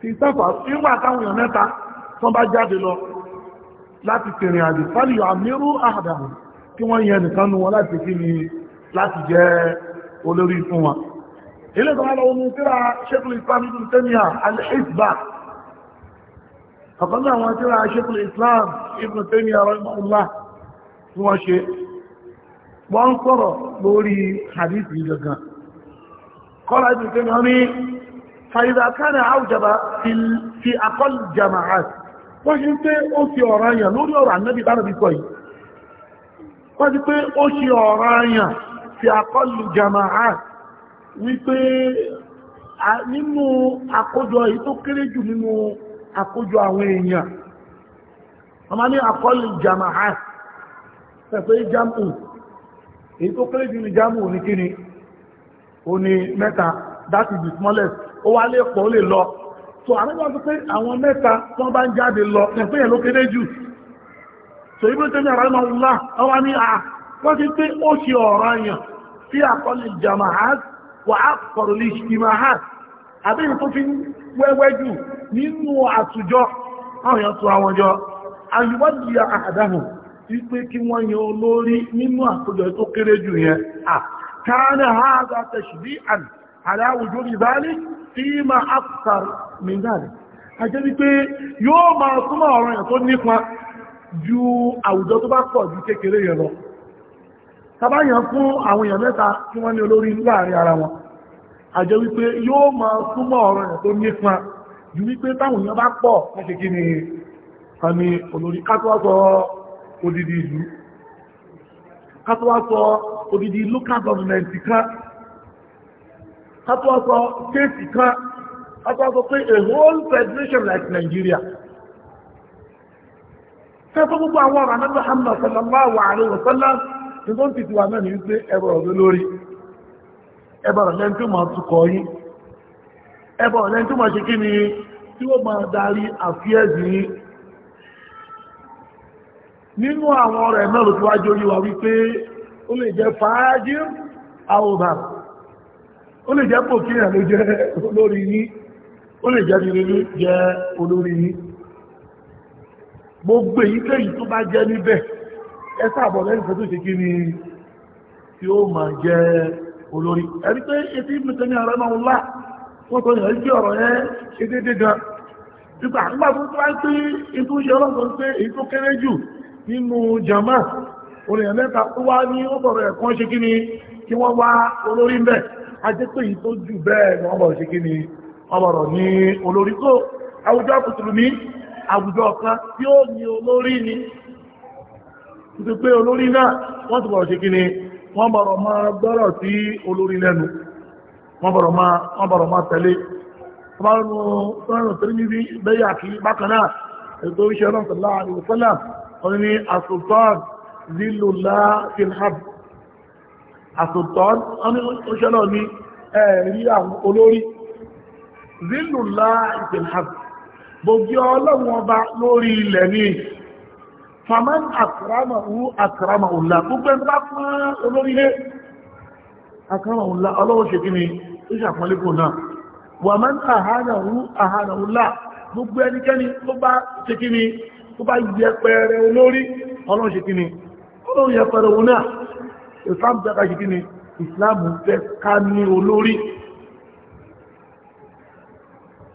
ti sáfà èèyàn mẹ́ta tán bá jáde lọ láti tẹ̀rìn àjò fálìyàn àmírú àdàmù kí wọ́n yẹn nìkan nù wọn láti kí ni láti jẹ́ olórí fún wa ilé tó wá lọ́wọ́ mú tíra ṣékùlù islam ibn tẹ́míà al-isba ọ̀kan náà wọ́n tíra ṣékùlù islam ibn tẹ́míà rahimahullah tí wọ́n ṣe wọ́n ń sọ̀rọ̀ lórí hadithi gangan kọ́lá ibn tẹ́míà ní fàyíza kánà àwùjọba fi akọ́l jama'at wọ́n ṣe pé ó fi ọ̀rọ̀ ayàn lórí ọ̀rọ̀ ànábì bára bí kọ̀ yìí wọ́n ti pé ó ṣe ọ̀rọ̀ ayàn fi àkọlù jama'a wípé nínú àkójọ èyí tó kéré jù nínú àkójọ àwọn èèyàn wọ́n máa ní àkọlù jama'a pẹ̀pẹ́ jamu èyí tó kéré jù ní jamu ní kíni ó ní mẹ́ta that is the smallest ó wá lè pọ̀ ó lè lọ so àrẹ́gbà sọ pé àwọn mẹ́ta tán bá ń jáde lọ ẹ̀fẹ́ yẹn ló kéde jù so ibi tẹ́mi àrẹ́mọ̀ ńlá ọwá ní à wọ́n ti pé ó ṣe ọ̀rọ̀ àyàn sí àkọlù jamaat wà á kọ̀rọ̀ lè ṣì mahat àbẹ́yìn tó fi wẹ́wẹ́ jù nínú àtùjọ àwọn ala wujudi dhalik fi ma akthar min dhalik a jẹ́ wípé yóò máa túnmọ̀ ọ̀rọ̀ yẹn tó nípa ju àwùjọ tó bá pọ̀ ju kékeré yẹn lọ tàbáyàn fún àwọn èèyàn mẹ́ta tí wọ́n ní olórí láàrin ara wọn a jẹ́ wípé yóò máa túnmọ̀ ọ̀rọ̀ yẹn tó nípa ju wípé táwọn èèyàn bá pọ̀ kátọ́sọ kéèsì kan kátọ́sọ pé a whole federation like Nigeria kẹ́kọ́ gbogbo àwọn ọ̀rọ̀ anábì Muhammad sallallahu alaihi wa sallam ní tó ń tìtì wà náà ní wípé ẹbọ̀rọ̀ lé lórí ẹbọ̀rọ̀ lẹ́ni tó máa tukọ̀ yín ẹbọ̀rọ̀ lẹ́ni tó máa ṣe kí ni tí ó máa darí àfíẹ́sì yín nínú àwọn ọ̀rọ̀ ẹ̀mẹ́rù tó wájú orí wa wípé ó lè jẹ́ fàájì àwòrán ó lè jẹ́ pò kí èèyàn ló jẹ́ olórí yín ó lè jẹ́ rere ló jẹ́ olórí yín gbogbo èyíkéyìí tó bá jẹ́ níbẹ̀ ẹ sáàbọ̀ lẹ́yìn tó ṣe kí ni tí ó máa jẹ́ olórí ẹni pé etí mẹ́ta ní ara náà ńlá wọ́n tó yàn jẹ́ ọ̀rọ̀ yẹn ṣe déédéé gan nígbà nígbà tó tó wáyé pé ètò ìṣẹ́ ọlọ́sọ pé èyí tó kéré jù nínú jàmá mẹ́ta wá ní ó ṣe ajẹ́pẹ́ yìí tó jù bẹ́ẹ̀ ni wọ́n bọ̀rọ̀ ṣe kí ni ọmọrọ̀ ní olórí tó àwùjọ mùsùlùmí àwùjọ kan tí ó ní olórí ni títí pé olórí náà wọ́n ti bọ̀rọ̀ ṣe kí ni wọ́n bọ̀rọ̀ máa gbọ́rọ̀ sí olórí lẹ́nu wọ́n bọ̀rọ̀ máa tẹ̀lé ọmọrùn àtòtọ́ oníṣẹ́lọ́ ní ẹ̀rí àwọn olórí zílùlá ìpìlhàn gbogbo ọlọ́run ọba lórí ilẹ̀ ní faman àkàràmà wú àkàràmà òlà gbogbo ẹni bá fún olórí lé àkàràmà òlà ọlọ́wọ́ ṣe kí ni ó ṣàpọ́nlẹ́kò náà wà mọ́ àhánà wú àhánà òlà gbogbo ẹnikẹ́ni tó bá islam fẹ́ ká ṣe kí ni islam fẹ́ ká ní olórí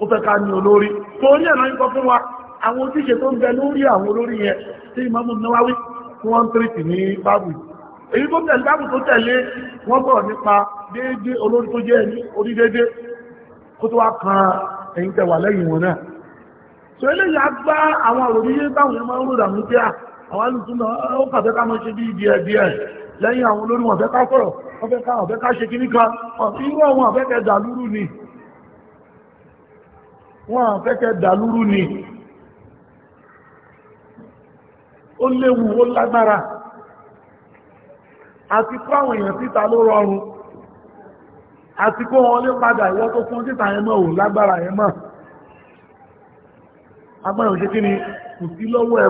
ó fẹ́ ká ní olórí torí ẹ̀nà ń sọ fún wa àwọn ojúṣe tó ń bẹ lórí àwọn olórí yẹn tí Imamu Nawawi tí wọ́n ń tírìtì ní báàbù èyí tó tẹ̀lé báàbù tó tẹ̀lé wọ́n sọ̀rọ̀ nípa déédé olórí tó jẹ́ ẹni orí déédé kó tó wá kan ẹ̀yìn tẹ̀wà lẹ́yìn wọn náà so eléyìí á gbá àwọn àròyé báwọn máa ń rò dàmú pé àwọn alùpùpù náà ó kàfẹ́ ká mọ́ ṣe bí díẹ̀ díẹ̀ lẹ́yìn àwọn olórin wọn fẹ́ ká sọ̀rọ̀ wọ́n fẹ́ ká wọ́n ká ṣe kíní dàlúrú ni wọ́n àfẹ́kẹ́ dàlúrú ni ó léwu ó lágbára àti kó àwọn èèyàn títa ló rọrùn àti wọn lé padà ìwọ́ tó fún ò lágbára sí lọ́wọ́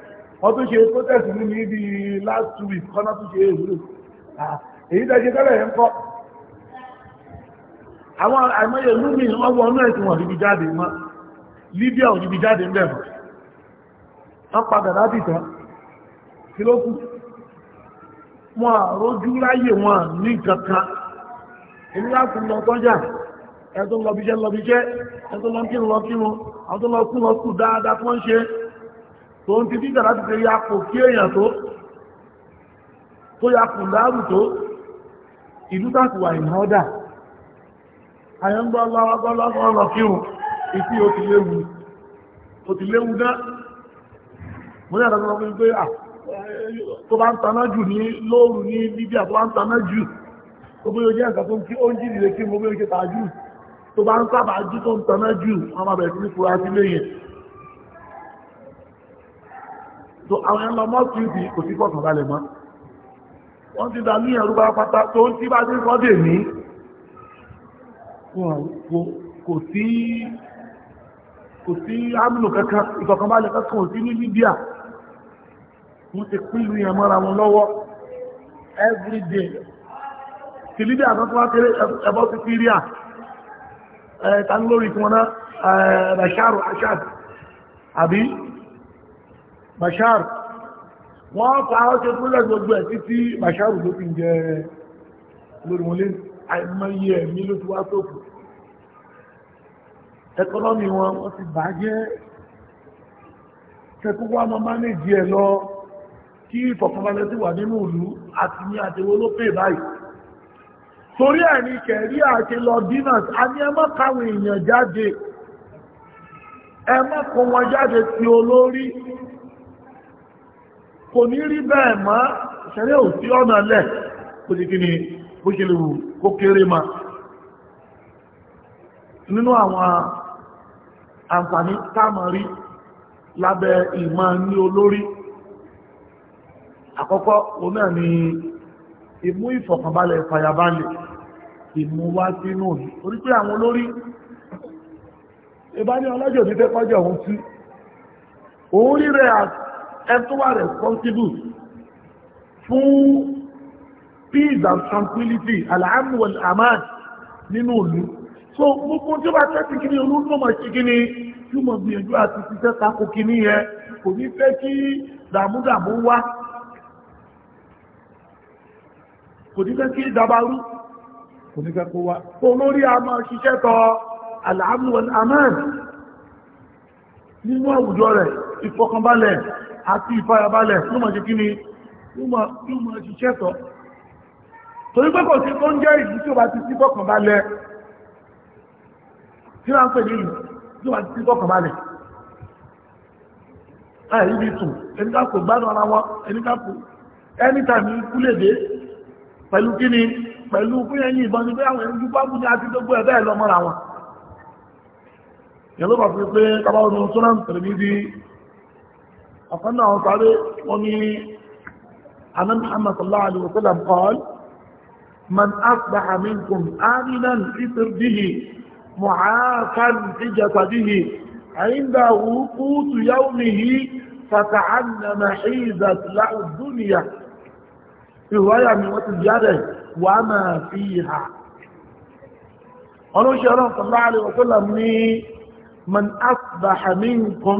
wọ́n tó ṣe protest ní níbi last two weeks kọ́nà tó ṣe èwúrò èyí tẹ́ ṣe tẹ́lẹ̀ yẹn kọ́ àwọn àìmọye ìlú mi wọ́n wọ ọ́nà ẹ̀sìn wọn níbi jáde mọ́ Libya ò níbi jáde ń bẹ̀rù wọ́n padà láti tán kí ló kù wọn àrójú láyè wọn ní kankan èmi láti lọ tọ́jà ẹ̀ tó lọ bíṣẹ́ lọ bíṣẹ́ ẹ̀ tó lọ kírun lọ kírun àwọn tó lọ kú lọ kú dáadáa tó ṣe tó ń ti dídà láti fi ya kò kí èèyàn tó tó ya kò láàrù tó ìlú tàbí wà ìmọ̀ ọ́dà àyẹ́ngbọ́ lọ́wọ́gbọ́lọ́gbọ́ ọ̀rọ̀ kírun ìtí ó ti léwu ó ti léwu náà mo ní tó bá ń taná jù ní lóòrù ní Libya tó bá ń taná jù tó jẹ́ tó ń kí ó ń kí mo so àwọn ẹ̀lọ mọ́sílì kò sí fọ́kàn balẹ̀ mọ́ wọ́n ti dá ní ẹ̀rú bá pátá tó ń tí bá dé sọ́dẹ̀ ní kò sí kò sí ámìnù kankan ìfọ̀kànbalẹ̀ kankan ò sí ní Libya wọ́n ti pín ìlú yẹn mọ́ra wọn lọ́wọ́ everyday ti Libya kan tó wá kéré ẹbọ́ sí Syria ẹ̀ẹ́ta lórí fún wọn náà ẹ̀ẹ́ àbí bashar wọ́n pa ọ́ ṣe kúrò gbogbo ẹ̀ títí bashar ló fi jẹ lórí wọn lé àìmọye ẹ̀mí ló ti wá sókù ẹkọ́nọ́mì wọn wọ́n ti bàjẹ́ tẹkúwá ọmọ mánéjì ẹ̀ lọ kí ìfọ̀kànbalẹ̀ ti wà nínú ìlú àti ní àtẹwọ́ ló pè báyìí torí ẹ̀ ní kẹ̀rí àti lọ dinas a ní ẹmọ́ káwọn èèyàn jáde ẹmọ́ kó wọn jáde ti olórí kò ní rí bẹ́ẹ̀ mọ́ ìṣẹ̀lẹ̀ ò sí ọ̀nà lẹ̀ kò sí kí ni bó ṣe lè wù kó kéré ma nínú àwọn àǹfààní táàmà rí lábẹ́ ìmọ̀ ní olórí àkọ́kọ́ òun náà ni ìmú ìfọ̀kànbalẹ̀ ìfàyàbalẹ̀ ìmú wá sínú òní orí pé àwọn olórí ìbá ní ọlọ́jọ́ ní tẹ́kọ́jọ́ òun sí òun rí rẹ̀ àti ẹni tó wà responsible fún peace and tranquility alhamdu wal aman nínú ìlú so gbogbo tí ó bá tẹ́sí kí ní olóńgbò máa ṣe kí ní tí ó mọ̀ gbìyànjú àti ṣiṣẹ́ tako kí ní yẹn kò ní fẹ́ kí dàmúdàmú wá kò ní fẹ́ kí dabarú kò ní fẹ́ kó wá tó lórí a máa ṣiṣẹ́ tọ alhamdu wal aman nínú àwùjọ rẹ̀ ìfọkànbalẹ̀ àti ìfarabalẹ̀ ló mọ̀ sí kí ni ló mọ̀ ṣiṣẹ́ tọ́ torí pé kò sí tó ń jẹ́ ìlú tí ó bá ti sí bọ́kàn balẹ̀ tí wọ́n ń pè ní ìlú tí ó bá ti sí bọ́kàn balẹ̀ láì rí tù ẹni ká kò gbádùn ara wọn ẹni ká kò anytime ní kúlèdè pẹ̀lú kí ni pẹ̀lú fún ẹ̀yìn ìbọn ní pé àwọn ẹni dúpá bú ní àti gbogbo ẹ̀bẹ́ ẹ̀ lọ́mọ́ra wọn yẹ̀lọ́bà fi pé kábáwọn tó ọ̀kan náà sáré wọ́n ní anan muhammad sallallahu alaihi wasallam qal man asbaha minkum aminan fi sirbihi mu'afan fi jasadihi عنده قوت يومه فتعلم حيزت له الدنيا رواية من وقت الجارة وما فيها ọlọ́ṣẹ́ ọlọ́pàá láàrin ọ̀pọ̀lọ̀ ní man asbaha minkum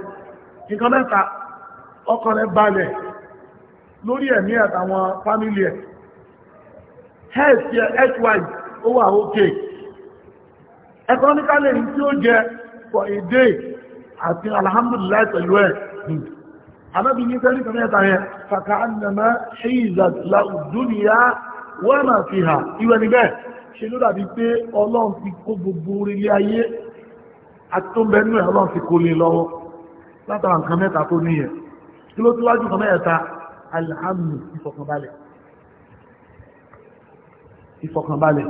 nǹkan mẹ́ta ọkàn rẹ̀ balẹ̀ lórí ẹ̀mí àtàwọn fámílì ẹ̀ health xy ó wà òkè economically ní tí ó jẹ for a day àti alhamdulillah pẹ̀lú ẹ̀ anábi ní tẹ́lì kan mẹ́ta yẹn kàkà annama ṣíìzàt la òdúnìyà wọ́n máa fi hà ìwẹ̀ níbẹ̀ ṣe ló dàbí pé ọlọ́run ti kó gbogbo orílẹ̀ ayé àti tó ń ẹ̀ ọlọ́run ti kó lè lọ́wọ́ látara nǹkan mẹ́ta tó níyẹ̀ kí ló tíwájú kan mẹ́ta alhamdu ìfọ̀kànbalẹ̀ ìfọ̀kànbalẹ̀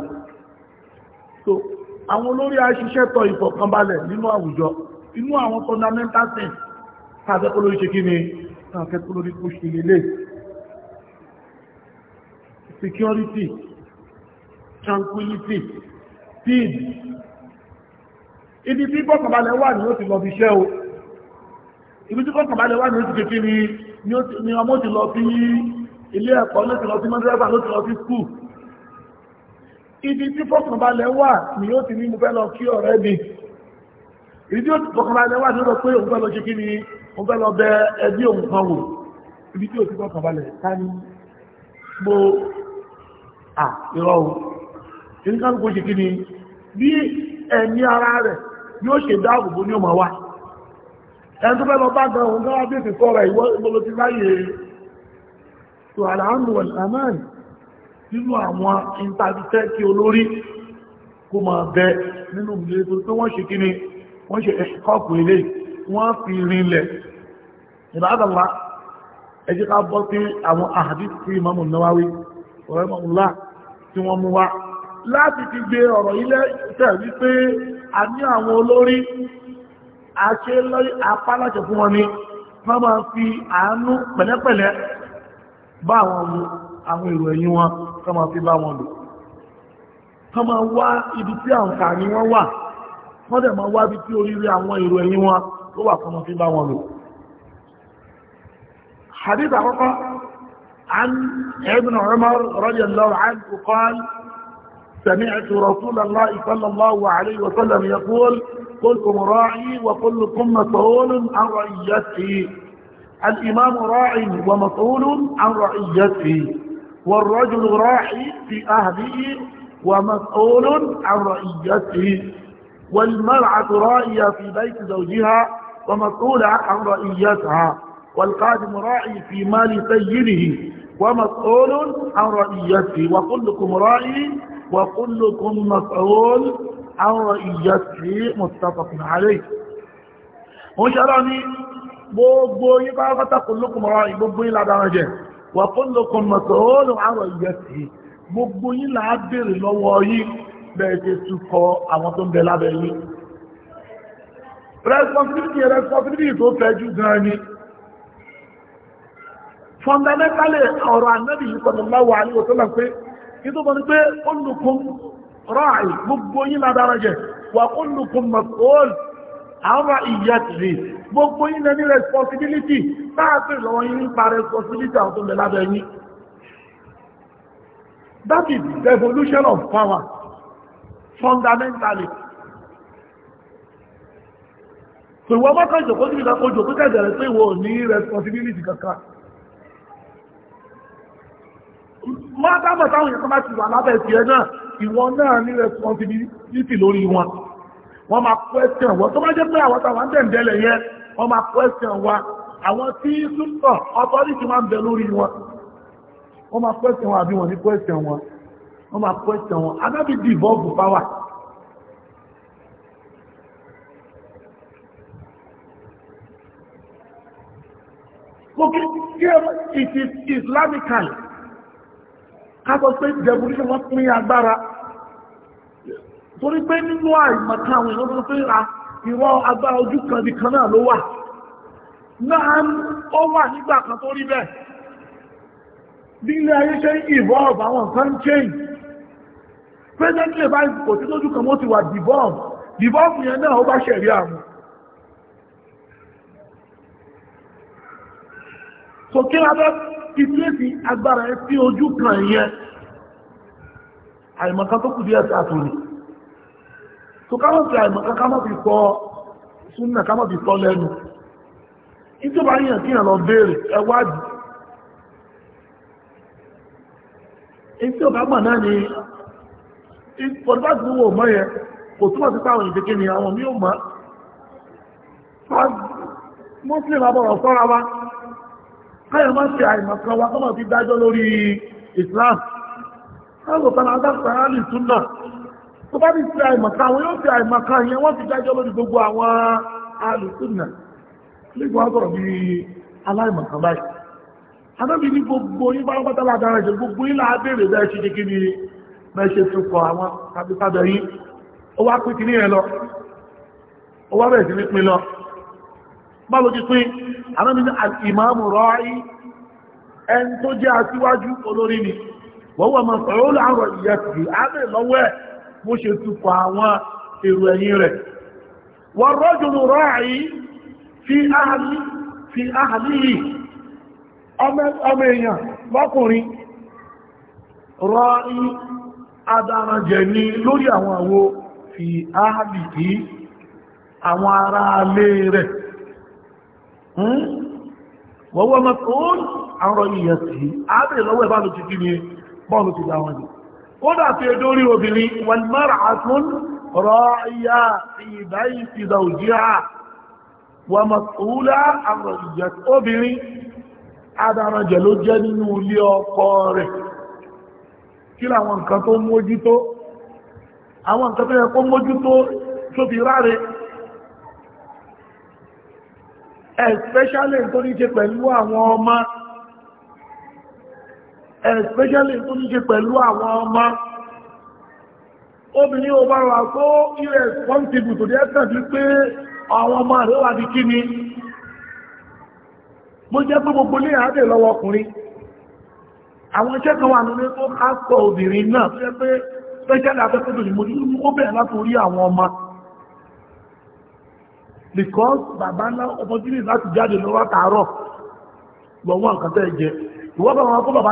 so àwọn olórí aṣiṣẹ́ tọ ìfọ̀kànbalẹ̀ nínú àwùjọ inú àwọn fundamental things tàbẹ́ kó lórí ṣe kí ni tàbẹ́ kó lórí kó ṣe lélẹ̀ security tranquility peace ibi tí ìfọ̀kànbalẹ̀ wà ní ó ti lọ bí iṣẹ́ o ibi tí kọ́kàn bá lè wà ní oṣù kékeré ni ni ọmọ ti lọ sí ilé ẹ̀kọ́ ló ti lọ sí mọ́tẹ́rẹ́fà ló ti lọ sí skul ibi tí kọ́kàn bá lè wà ni ó ti ní mo fẹ́ lọ kí ọ̀rẹ́ mi ibi tí kọ́kàn bá lè wà ni ó lọ pé òun fẹ́ lọ ṣe kí ni mo fẹ́ lọ bẹ ẹbí òun kan wò ibi tí òsì kọ́kàn bá lè ká ní mo à irọ́ o kí ní kálukú ṣe kí ni bí ẹ̀mí ara rẹ̀ yóò ṣe dáàbòbò ní ọmọ wa ẹni tó fẹ́ lọ bá gan òun gáwà bèèrè sọ́rọ̀ ìwọ́ ìgbòlò ti láyé tó àlàáńdù ọ̀làmán nínú àwọn ìntàbíṣẹ́ kí olórí kó máa bẹ nínú ìlú tó tó wọ́n ṣe kíni wọ́n ṣe ẹ̀kọ́kù ilé wọ́n fi rinlẹ̀ ìbádàlá ẹ jẹ́ ká láti fi gbé ọ̀rọ̀ ilé tẹ̀ wípé a ní àwọn olórí àṣẹ lọ́rí apá láti fún wọn ni wọ́n máa fi àánú pẹ̀lẹ́pẹ̀lẹ́ bá àwọn àwọn èrò ẹ̀yìn wọn kọ́ máa fi bá wọn lò kọ́ máa wá ibi tí àǹfààní wọn wà wọ́n dẹ̀ máa wá ibi tí oríire àwọn èrò ẹ̀yìn wọn tó wà kọ́ máa fi bá wọn lò hadith àkọ́kọ́ عن ابن عمر رضي الله عنه قال سمعت رسول الله صلى الله عليه كلكم راعي وكلكم مسؤول عن رعيته الإمام راعي ومسؤول عن رعيته والرجل راعي في أهله ومسؤول عن رعيته والمرأة راعية في بيت زوجها ومسؤولة عن رعيتها والقادم راعي في مال سيده ومسؤول عن رعيته وكلكم راعي وكلكم مسؤول àwọn ìyà sí mọ̀tàfàkùn àárẹ̀ òun ṣẹ́rọ ní gbogbo yí bá pátákùn lókùn mọ́ra ìgbogbo yí ládára jẹ wà fún lókùn mọ̀tọ̀ oòrùn àwọn ìyà sí gbogbo yí láà bèèrè lọ́wọ́ yí bẹ̀rẹ̀ ṣe túkọ àwọn tó ń bẹ lábẹ́ yí responsibility ráàì gbogbo yí ládára jẹ wà kullukum mas'ul àwọn ìyàtìrí gbogbo yí lẹ ní responsibility táàtì lọ́wọ́ yí nípa responsibility àwọn tó lẹ lábẹ́ yí that is devolution of power fundamentally so ìwọ mọ́kà ìjọ̀kọ́ sí ìdákọ́ ìjọ̀kọ́ kẹ́jẹ̀rẹ̀ pé ìwọ ní responsibility kankan mọ́tàbọ̀ táwọn ìyẹ̀kọ́ bá ti wà lábẹ́ ìfẹ́ náà ìwọ náà ní responsibility lórí wọn wọ́n máa question wọ́n tó bá jẹ́ pé àwọn tàwọn tẹ̀ǹdẹ̀lẹ̀ yẹ wọ́n máa question wa àwọn tí súnmọ̀ authority máa ń bẹ lórí wọn wọ́n máa question wọn àbí wọn ní question wọn wọ́n máa question wọn adábí devolve power Okay, it is Islamical. Ká sọ pé devolution wọ́n pín agbára torí pé nínú àìmọ̀kan àwọn èèyàn tó fẹ́ ra ìwọ agbá ojú kan bí kan náà ló wà náà ó wà nígbà kan tó rí bẹ́ẹ̀ bí ilé ayé ṣe ń evolve àwọn nǹkan ń change presently bá kò tí lójú kan mọ́ ti wà devolve devolve yẹn náà ó bá ṣẹ̀rí àmú sókè abẹ́ ìtúrẹ́sì agbára ẹ sí ojú kan yẹn àìmọ̀kan tó kù díẹ̀ sáà tó rí so ká mọ̀ fi àìmọ̀ká ká mọ̀ fi sọ súnà ká mọ̀ fi sọ lẹ́nu ìjọba yìí kí ìrànlọ béèrè ẹwádìí èyí tí náà ni ìfọ̀dúbájú wò mọ́ yẹn kò túnmọ̀ sí pàwọn ìdíkẹ́ ni àwọn mí ò mọ́ muslim abọ̀rọ̀ sọ́ra wa káyọ̀ má ṣe wa kọ́mọ̀ fi dájọ́ lórí Islam káyọ̀ tó bá ní ti àìmọ̀ká àwọn yóò ti àìmọ̀ká yẹn wọ́n ti dájọ́ lórí gbogbo àwọn alùsùnà nígbà wọ́n sọ̀rọ̀ bí aláìmọ̀ká báyìí anábì ní gbogbo yín bá wọ́n tẹ́lá dára gbogbo yín láà bẹ́ẹ̀ ṣe kí ni bẹ́ẹ̀ ṣe tún kọ àwọn tàbí sábẹ̀ ó wá pín yẹn ni wọ́n wọ́n mọ̀ sọ̀rọ̀ ó ìyẹ́sì bó ṣe tukọ̀ àwọn èrò ẹ̀yìn rẹ̀ wọ́n rọ́jùlù rọ́àí fi fi ahàlì yìí ọmọ èèyàn lọ́kùnrin rọ́í adáranjẹ ní lórí àwọn àwo fi ahàlì yìí àwọn ará alé rẹ̀ hmm? wọ́wọ́ mọ́ tó ń àwọn ìyẹ̀sì a lọ́wọ́ ìbálòtí ni bọ́ọ̀lù ti dáwọn jù kódà tí ó dórí obìnrin wal mar'atun ra'iya fi bayti zawjiha wa mas'ula an ra'iyati obìnrin adáranjẹ̀ ló jẹ́ nínú ilé ọkọ rẹ̀ kí làwọn nǹkan tó mójútó àwọn nǹkan tó yẹ kó mójútó tó fi ráre especially nítorí ṣe pẹ̀lú àwọn ọmọ especially tó ní ṣe pẹ̀lú àwọn ọmọ obìnrin o bára tó irresponsible tó dẹ́ tàbí pé àwọn ọmọ rẹ̀ di kí ni mo jẹ́ pé gbogbo ní àádẹ́ lọ́wọ́ ọkùnrin àwọn iṣẹ́ kan wà nílé tó ká sọ obìnrin náà tó yẹ pé special afẹ́fẹ́ tó ní mo ó bẹ̀rẹ̀ àwọn ọmọ because bàbá ńlá opportunity láti jáde lọ́wọ́ tààrọ̀ lọ́wọ́ nǹkan tẹ́ jẹ ìwọ́n bàbá wọn bàbá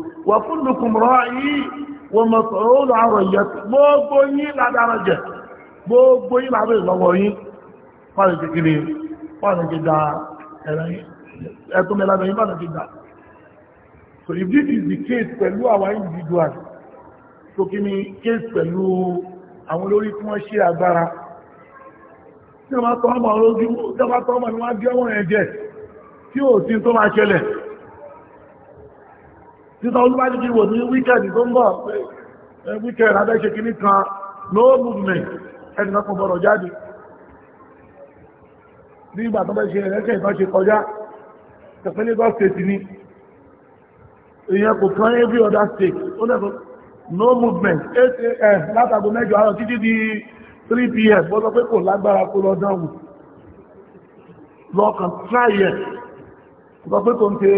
wà kullukum ra'i wa mas'ulun 'an ra'iyyati gbogbo yín ládàrà jẹ gbogbo yín lábẹ́ ìlọ́wọ́ yín fáwọn ti kiri fáwọn ti da ẹ̀tọ́ mẹ́lábẹ́ ti so if this is the case pẹ̀lú àwọn individual so kí ni case pẹ̀lú àwọn olórí tí wọ́n ṣe agbára tí wọ́n bá tọ́ ọmọ ní wọ́n bí ọmọ ẹ̀jẹ̀ tí tó máa ṣẹlẹ̀ títà olúwájú kí wò ní wíkẹ̀dì tó ń bọ̀ wíkẹ̀dì abẹ́ṣe kìíní kan no movement ẹni kan bọ̀rọ̀ jáde ní ìgbà tó bẹ́ ṣe ẹ̀rẹ́kẹ́ ìtàn ṣe kọjá tẹ̀fẹ́ Lagos state ni èèyàn kò kan every other state ó lẹ́fọ́ no movement 8 a.m. látago mẹ́jọ àárọ̀ títí di 3 p.m. bọ́ sọ pé kò lágbára kó lọ dánwò lọ́kàn try ẹ̀ sọ pé kò ń ṣe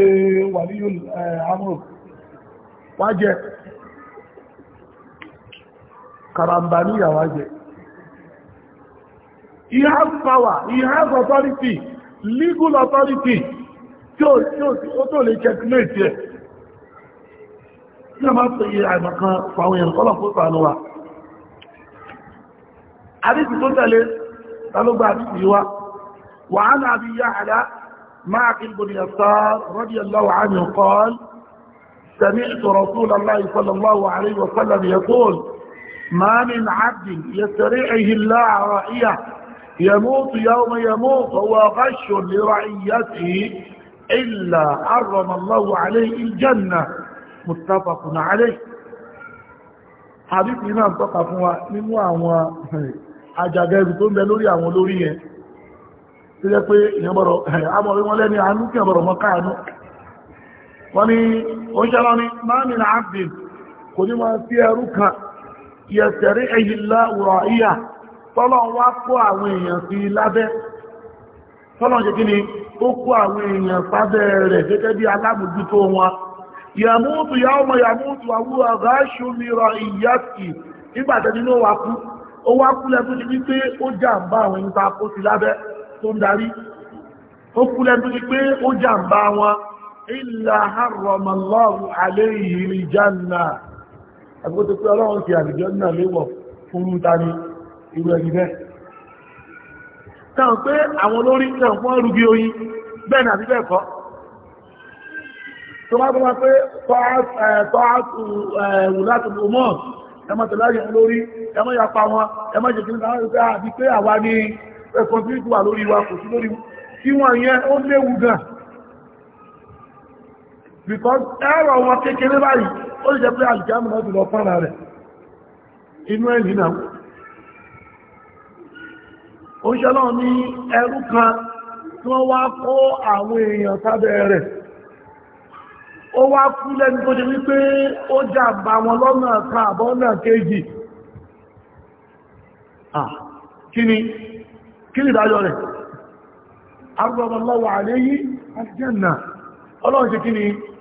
wàlíyù eh, amúrò wájẹ́ power authority legal authority tí ó tó lè checkmate ẹ̀ tí a máa wa àdíkì tó tẹ̀lé tàlógbà àdíkì yíwá àdá máa kí سمعت رسول الله صلى الله عليه وسلم يقول ما من عبد يستريعه الله رعيه يموت يوم يموت هو غش لرعيته إلا حرم الله عليه الجنة متفق عليه حديث náà tọ́ka fún wa nínú àwọn àjàgà ibi tó ń bẹ lórí àwọn olórí yẹn tí jẹ́ pé wọ́n ní oúnjẹ́lá ní mami na abdin kò ní máa sí ẹrú kan yẹ̀sẹ̀rí ẹ̀yìnlá ọ̀rọ̀ ìyà tọ́lọ̀ wá kó àwọn èèyàn sí lábẹ́ tọ́lọ̀ jẹ́ kí ni ó kó àwọn èèyàn rẹ̀ gẹ́gẹ́ bí alábòjútó wọn àwúrọ̀ mìíràn ìyàtì nígbàtẹ́ nínú wà kú ó wá ìlà harramallahu alayhi aljanna àbúkọ́ tó pé ọlọ́run ti àlùjànnà léwọ̀ fún tani irú ẹni bẹ́ẹ̀ tàn pé àwọn olórí tàn fún ọrùgbí oyin bẹ́ẹ̀ nàbí bẹ́ẹ̀ kọ́ tó máa bọ́ máa pé tọ́àtù láti ọmọ ẹmọ́tẹ̀láyẹ olórí ẹmọ́ yapa wọn ẹmọ́ jẹ́kiri náà rí because ẹ̀rọ wọn kékeré báyìí ó lè jẹ́ pé àjẹ́mù náà jùlọ fánà rẹ̀ inú ẹ̀yìn náà ó ń ṣẹlọ́ ní ẹrú kan tí wọ́n wá kó àwọn èèyàn sábẹ́ rẹ̀ ó wá kú lẹ́ni tó ṣe wípé ó jàmbá wọn lọ́nà kan àbọ́ náà kejì kíni kíni ìdájọ́ rẹ̀ arúgbọ́gbọ́ lọ́wọ́ àléyí àti ọlọ́run ṣe kíni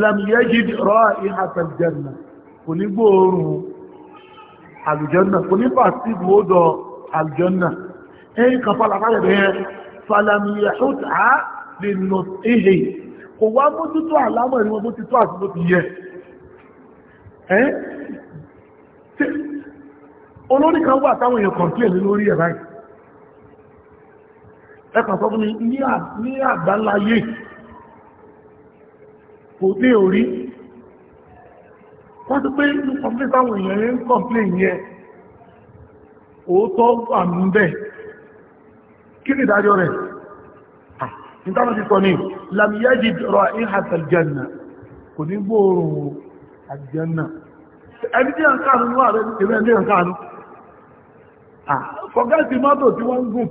lamiyajid ra'ihat aljanna kò ní gbóòórùn aljanna kò ní fàtíbù ó dọ̀ aljanna ẹ̀yìn kan falafalẹ̀ bẹ́ẹ̀ falamiyahut ha lè nọ ihe kò wá mójútó àlámọ̀ ìwọ̀n bó ti tó àti bó ti yẹ olórí kan wà táwọn èèyàn kọ̀m̀pléènì lórí ẹ̀ báyìí ẹ̀kàn sọ fún mi ní àgbáláyé kò dé orí wọ́n ti pé inú kọ̀m̀pléṣà àwọn èèyàn ń kọ̀m̀plé yẹn òótọ́ wà kí ni ìdájọ́ rẹ̀ ìtànà ti sọ ní lamiyájì rọ ìhàtàl janna kò ní gbóòrùn àjẹ́nà ẹni tí a ń káàrùn ní ààrẹ ìrẹ́ ní àkáàrùn fọ̀gẹ́sì mọ́tò tí wọ́n ń gùn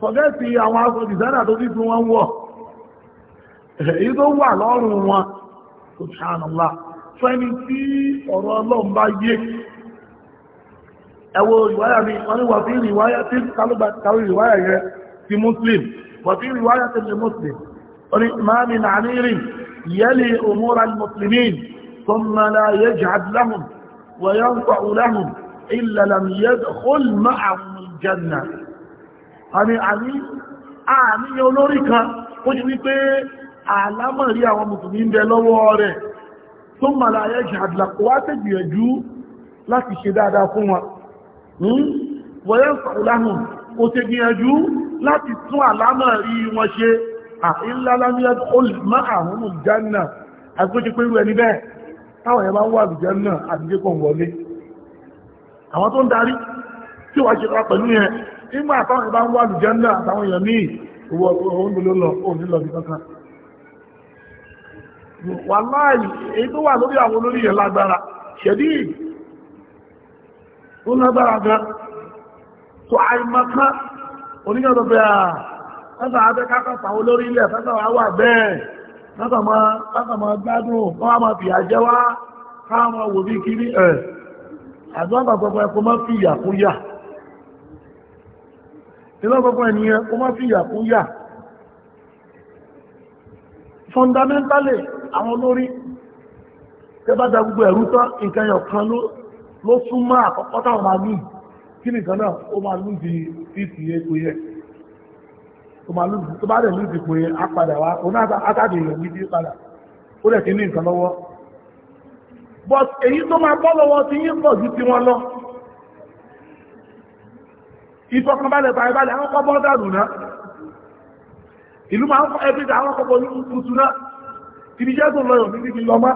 fọ̀gẹ́sì àwọn aṣọ ìsẹ́nà tó ti èyí tó wà lọ́rùn wọn subhanallah fẹ́ni tí ọ̀rọ̀ ọlọ́run bá yé ẹwọ ìwáyà mi wọ́n ni wà fí ìrìwáyà tí kàlùbàtàwì ìwáyà yẹ ti muslim wà fí ìrìwáyà tí lè muslim wọ́n ni máa mi nà ní rìn yẹ́lì òmúra muslimin tó mọ́lá yẹ jàdìláhùn wà yẹ́ ń ìlàlàm yẹ́ kól máa mú àlámọ̀rí àwọn mùsùlùmí ń bẹ lọ́wọ́ rẹ̀ tó mọ̀lá ayé jàdìlàkó wá tẹ́ gbìyànjú láti ṣe dáadáa fún wọn wọ́yẹ́ sàúláhùn ó tẹ́ gbìyànjú láti tún àlámọ̀rí wọn ṣe àìlálámíyàn olùmọ́ àwọn ìjánà àgbójẹ́ pé irú ẹni bẹ́ẹ̀ táwọn ẹ̀mà wà ìjánà àdìjẹ́kọ̀ wọlé àwọn tó ń darí tí wà ṣe rà pẹ̀lú yẹn nígbà wàláàyì èyí tó wà lórí àwọn olórí yẹn lágbára ṣẹ̀dí ó lágbára gan tó àìmọ̀ká onígbàtọ̀ pé à látà abẹ́kákàtà olórí ilẹ̀ fẹ́ta wà wà bẹ́ẹ̀ látà máa gbádùn wọ́n á máa fìyà jẹ wá káàmà wò bí kiri ẹ̀ ẹ̀kọ́ fìyà kúyà fundamentally àwọn olórí tẹbátà gbogbo ẹ̀rú tán nǹkan yọ̀ kan ló súnmọ́ àkọ́kọ́ táwọn máa ní kí nìkan náà ó máa lù di fífi epo yẹ tó bá dẹ̀ lù di pé a padà wá òun náà átàdé èèyàn ní bí padà ó dẹ̀ ti ní nǹkan lọ́wọ́ but èyí tó máa bọ́ lọ́wọ́ ti yín pọ̀ ju ti wọn lọ ìfọkànbalẹ̀ bàbá àwọn kọ́ bọ́ dàrú náà ìlú máa ń fọ́ ẹbí dà àwọn ọkọ̀ ní tuntun náà ibi jẹ́ tó lọ́yọ̀ ní ibi lọ́mọ́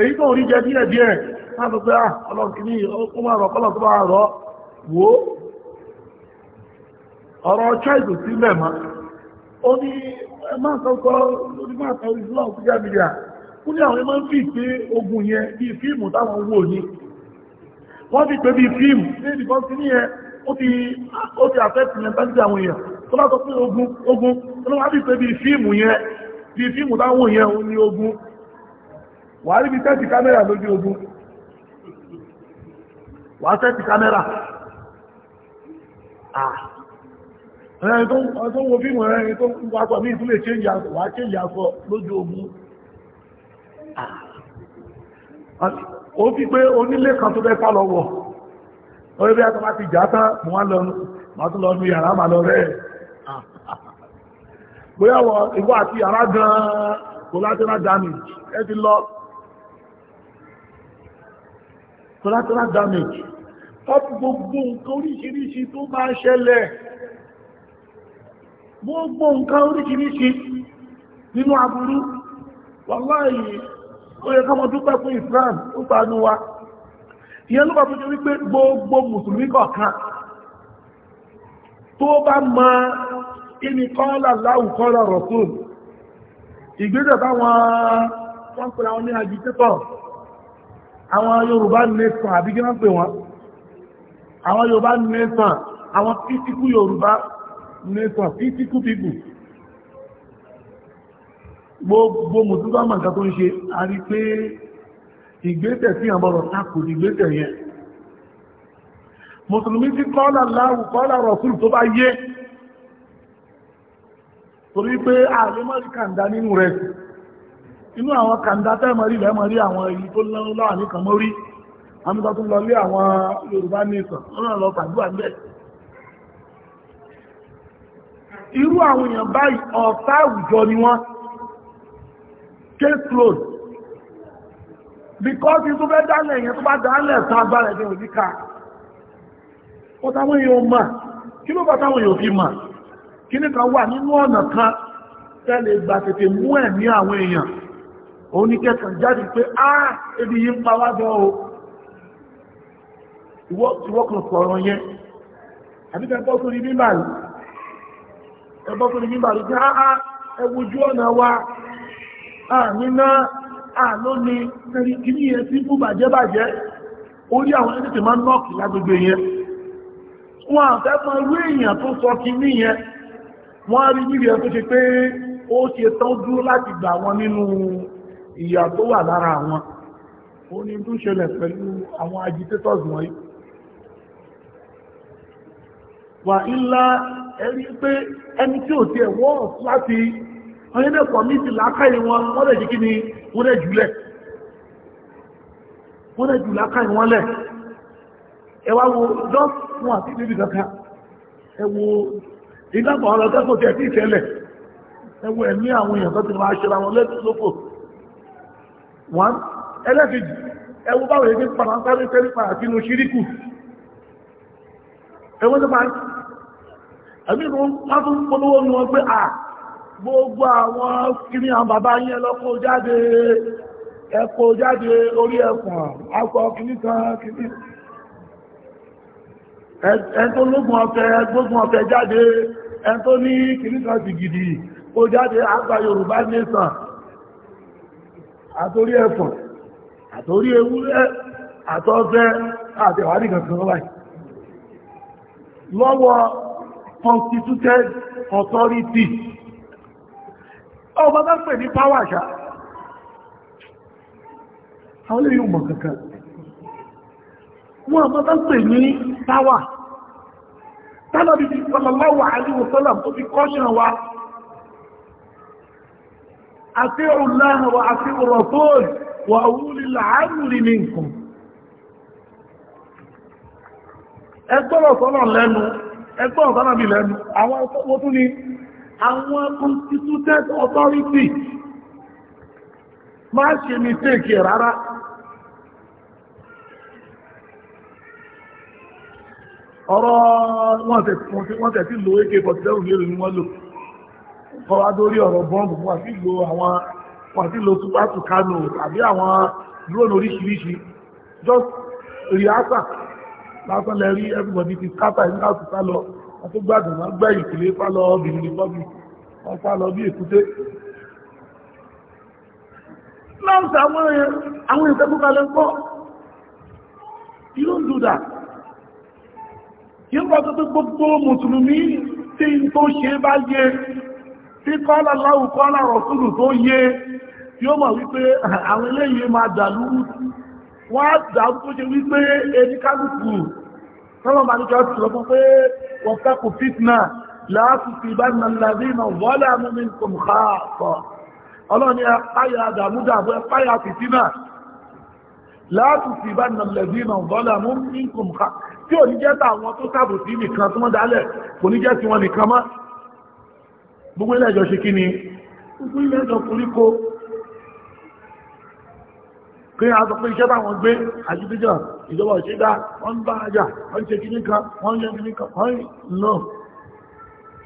èyí tó rí jẹ díẹ̀ díẹ̀ láti pé ah, ọlọ́kìní ó máa rọ̀ kọ́lọ̀ tó máa rọ̀ wò ó ọ̀rọ̀ child sí islam tó jẹ́ mídíà ó ní àwọn ẹmọ́ ń fi pé ogun yẹn bí fíìmù táwọn wò ní wọ́n fi pé fíìmù ní ìdìbọn sí ní yẹn ó ti àfẹ́tì mẹ́ntálítì àwọn èèyàn tó bá sọ pé ogun ogun tó wá bí pé bí fíìmù yẹn bí fíìmù táwọn yẹn ó ní ogun wà rí bí tẹ́tì kámẹ́rà lójú ogun wà tẹ́tì kámẹ́rà ẹni tó ń wo fíìmù ẹni tó ń wákọ̀ ní ìtúlẹ̀ change aṣọ lójú ogun ó fi pé onílé kan tó bẹ́ sálọ wọ̀ orí bí a tó máa ti jà tán mọ́ wá lọ máa tó lọ ní yàrá máa lọ rẹ̀ bóyá wọ ìwọ àti yàrá gan-an collateral damage ẹ ti lọ collateral damage ọ́pù gbogbo nǹkan oríṣiríṣi tó bá ṣẹlẹ̀ gbogbo nǹkan oríṣiríṣi nínú aburú wàláhì ó yẹ ká mọ̀ dúpẹ́ fún Islam ó pàánú wa ìyẹn ló bá tó jẹ́ wípé gbogbo mùsùlùmí kọ̀ọ̀kan tó bá mọ ìní kọ́ọ̀lá láwùkọ́lá rọ̀sùn ìgbésẹ̀ táwọn wọ́n pẹ̀lú àwọn ní agitétọ̀ àwọn Yorùbá nation àbí kí wọ́n pè wọ́n àwọn Yorùbá nation àwọn pítíkù Yorùbá nation pítíkù people gbogbo mùsùlùmí kọ̀ọ̀kan tó ń ṣe a pé ìgbésẹ̀ tí a bọ̀rọ̀ takò ìgbésẹ̀ yẹn tí kọ́lá láwù kọ́lá tó bá yé torí pé ààrẹ mọ́rí kàndá nínú rẹ̀ inú àwọn kàndá tẹ́mọ̀rí lẹ́mọ̀rí àwọn èyí tó lọ́wọ́ because tó fẹ́ dálẹ̀ yẹn tó bá dálẹ̀ tán agbára ẹ̀dẹ̀ òní ká ó táwọn èèyàn mà kí ló bá táwọn èèyàn fi mà kí ní kan wà nínú ọ̀nà kan tẹ́lẹ̀ gbà tètè mú ẹ̀mí àwọn èèyàn òun ní kẹkàn jáde pé á ebi yìí ń pa wájọ́ o ìwọ́kùn sọ̀rọ̀ yẹn àbí kẹ́ bọ́ sórí mímbà rí ẹbọ́ sórí mímbà rí pé á ẹwùjú ọ̀nà wa à níná àló ni kìíní yẹn tí fún bàjẹ́ bàjẹ́ orí àwọn ẹni tètè máa nọ́ọ̀kì lágbègbè yẹn wọn àfẹ́ mọ irú èèyàn tó sọ kìíní yẹn wọ́n rí níbi ẹ̀ tó ṣe pé ó ṣe tán dúró láti gbà wọn nínú ìyà tó wà lára àwọn ó ní tó ṣẹlẹ̀ pẹ̀lú àwọn agitators wọ̀nyí wà ńlá ẹ̀rí pé ẹni tí ò tiẹ̀ wọ́ọ̀ láti ọyẹ́dẹ̀kọ̀ mí ti lákàyè wọn wọ́n lè ṣe kí ni wọ́n rẹ̀ jùlẹ̀ wọ́n rẹ̀ jùlá ká ìwọ́n lẹ̀ ẹ wá wo just fún àti níbi kankan ẹ wo ìdábọ̀ ọ̀rọ̀ tẹ́kọ̀ọ́ tẹ́ sí ìtẹ́lẹ̀ ẹ wo ẹ̀mí àwọn èèyàn tó ti máa ṣe ra wọn lẹ́tí lóko wọ́n tó máa ẹ̀mí gbogbo àwọn kiri àwọn bàbá yẹn lọ́kọ́ jáde ẹ̀kọ́ jáde orí ẹ̀kùn akọ kìíní kan kìíní ẹn tó lógun ọ̀fẹ́ gbógun ọ̀fẹ́ jáde ẹn tó ní kìíní kan sì gidi kó jáde àgbà Yorùbá nation àtórí ẹ̀fọ̀n àtórí ewúrẹ́ àtọ́fẹ́ àtẹ̀wárí kankan wáyìí lọ́wọ́ constituted authority ọba bá pè ní pàwà àṣà àwọn olè yóò mọ̀ kankan wọ́n ọba bá pè ní pàwà tánàbí ti sọlọ̀lọ́wà àríwòsọ́lá tó fi kọ́ṣàn wa àti òláhàn wa àti òrọ̀tọ́ọ̀lù wà wúlìlà àárùn ní nǹkan ẹgbọ́rọ̀ sọ́lọ̀ lẹ́nu ẹgbọ́rọ̀ sọ́lọ̀ lẹ́nu àwọn ọ̀sọ́wọ́ ni àwọn constituted authority má ṣe mistake rárá ọ̀rọ̀ wọ́n tẹ̀sí lo AK-47 lérò ní wọ́n lò ọwá dórí ọ̀rọ̀ bọ́ọ̀bù wọ́n sí lo àwọn wọ́n sí lo super tucano àbí àwọn drone oríṣiríṣi just reactor lásán lẹ́rí everybody ti scatter ìgbà tuta lọ wọ́n tó gbádùn wọ́n gbẹ́ ìkìlẹ̀ fálọ obìnrin republic wọ́n fálọ bí èkúté lọ́nsà àwọn ìfẹ́kúkalẹ̀ ń kọ́ yóò dùdà yóò bá tó tó gbogbo mùsùlùmí tí n tó ṣe bá yé tí kọ́lá láwù kọ́lá rọ̀súlù tó yé yóò mọ̀ wípé àwọn eléyìí máa dàlú wọ́n á dàlú tó ṣe wípé ẹni kálùkù tọ́lọ̀ ní kí wọ́n ti lọ fún pé واتقوا فتنة لا تصيبن الذين ظلموا منكم خاصة ọlọ́ni ẹ̀páyà àdàmúdàbò ẹ̀páyà fìtínà láti sí bá nà lẹ̀bí nà bọ́lá mú ní kùnkà tí ò ní jẹ́ tà àwọn tó sàbò sí nìkan tó wọ́n dálẹ̀ kò ní jẹ́ sí wọn nìkan mọ́ gbogbo ilẹ̀ ẹjọ́ ṣe kí ni gbogbo ilẹ̀ ẹjọ́ koríko kí a sọ pé iṣẹ́ táwọn gbé àjíbíjà ìjọba ìṣẹ́dá wọ́n bá ajá wọ́n ṣe kí níkan wọ́n yẹ kí níkan wọ́n náà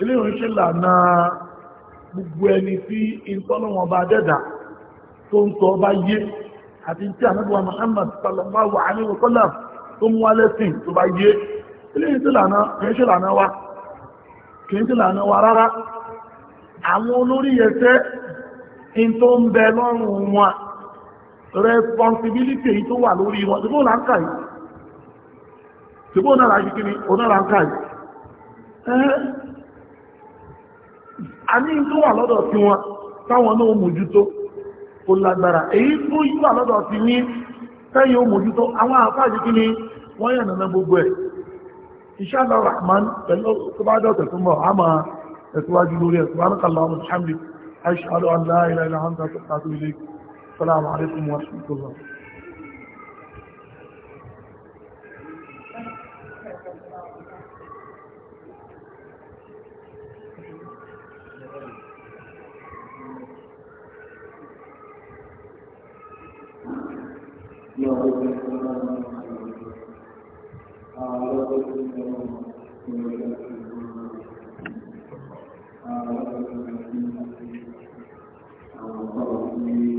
ilé ìrìnṣẹ́ lànà gbogbo ẹni tí ìtọ́lọ́wọ́n bá dẹ́dà tó ń tọ́ bá yé àti tí àmọ́bùwà Muhammad sallallahu alaihi wa sallam tó mú wá lẹ́sìn tó bá responsibility èyí tó wà lórí wọn ṣùgbọ́n là ń kà yìí ṣùgbọ́n náà ẹ́ a ní tó wà lọ́dọ̀ tí wọn táwọn náà mójútó kò lágbára èyí tó yí wà lọ́dọ̀ tí ní tẹ́yìn mójútó àwọn àfáàjì kí wọ́n yẹ̀ gbogbo ẹ̀ iṣẹ́ rahman pẹ̀lú a máa ẹ̀ السلام عليكم ورحمة الله Thank you.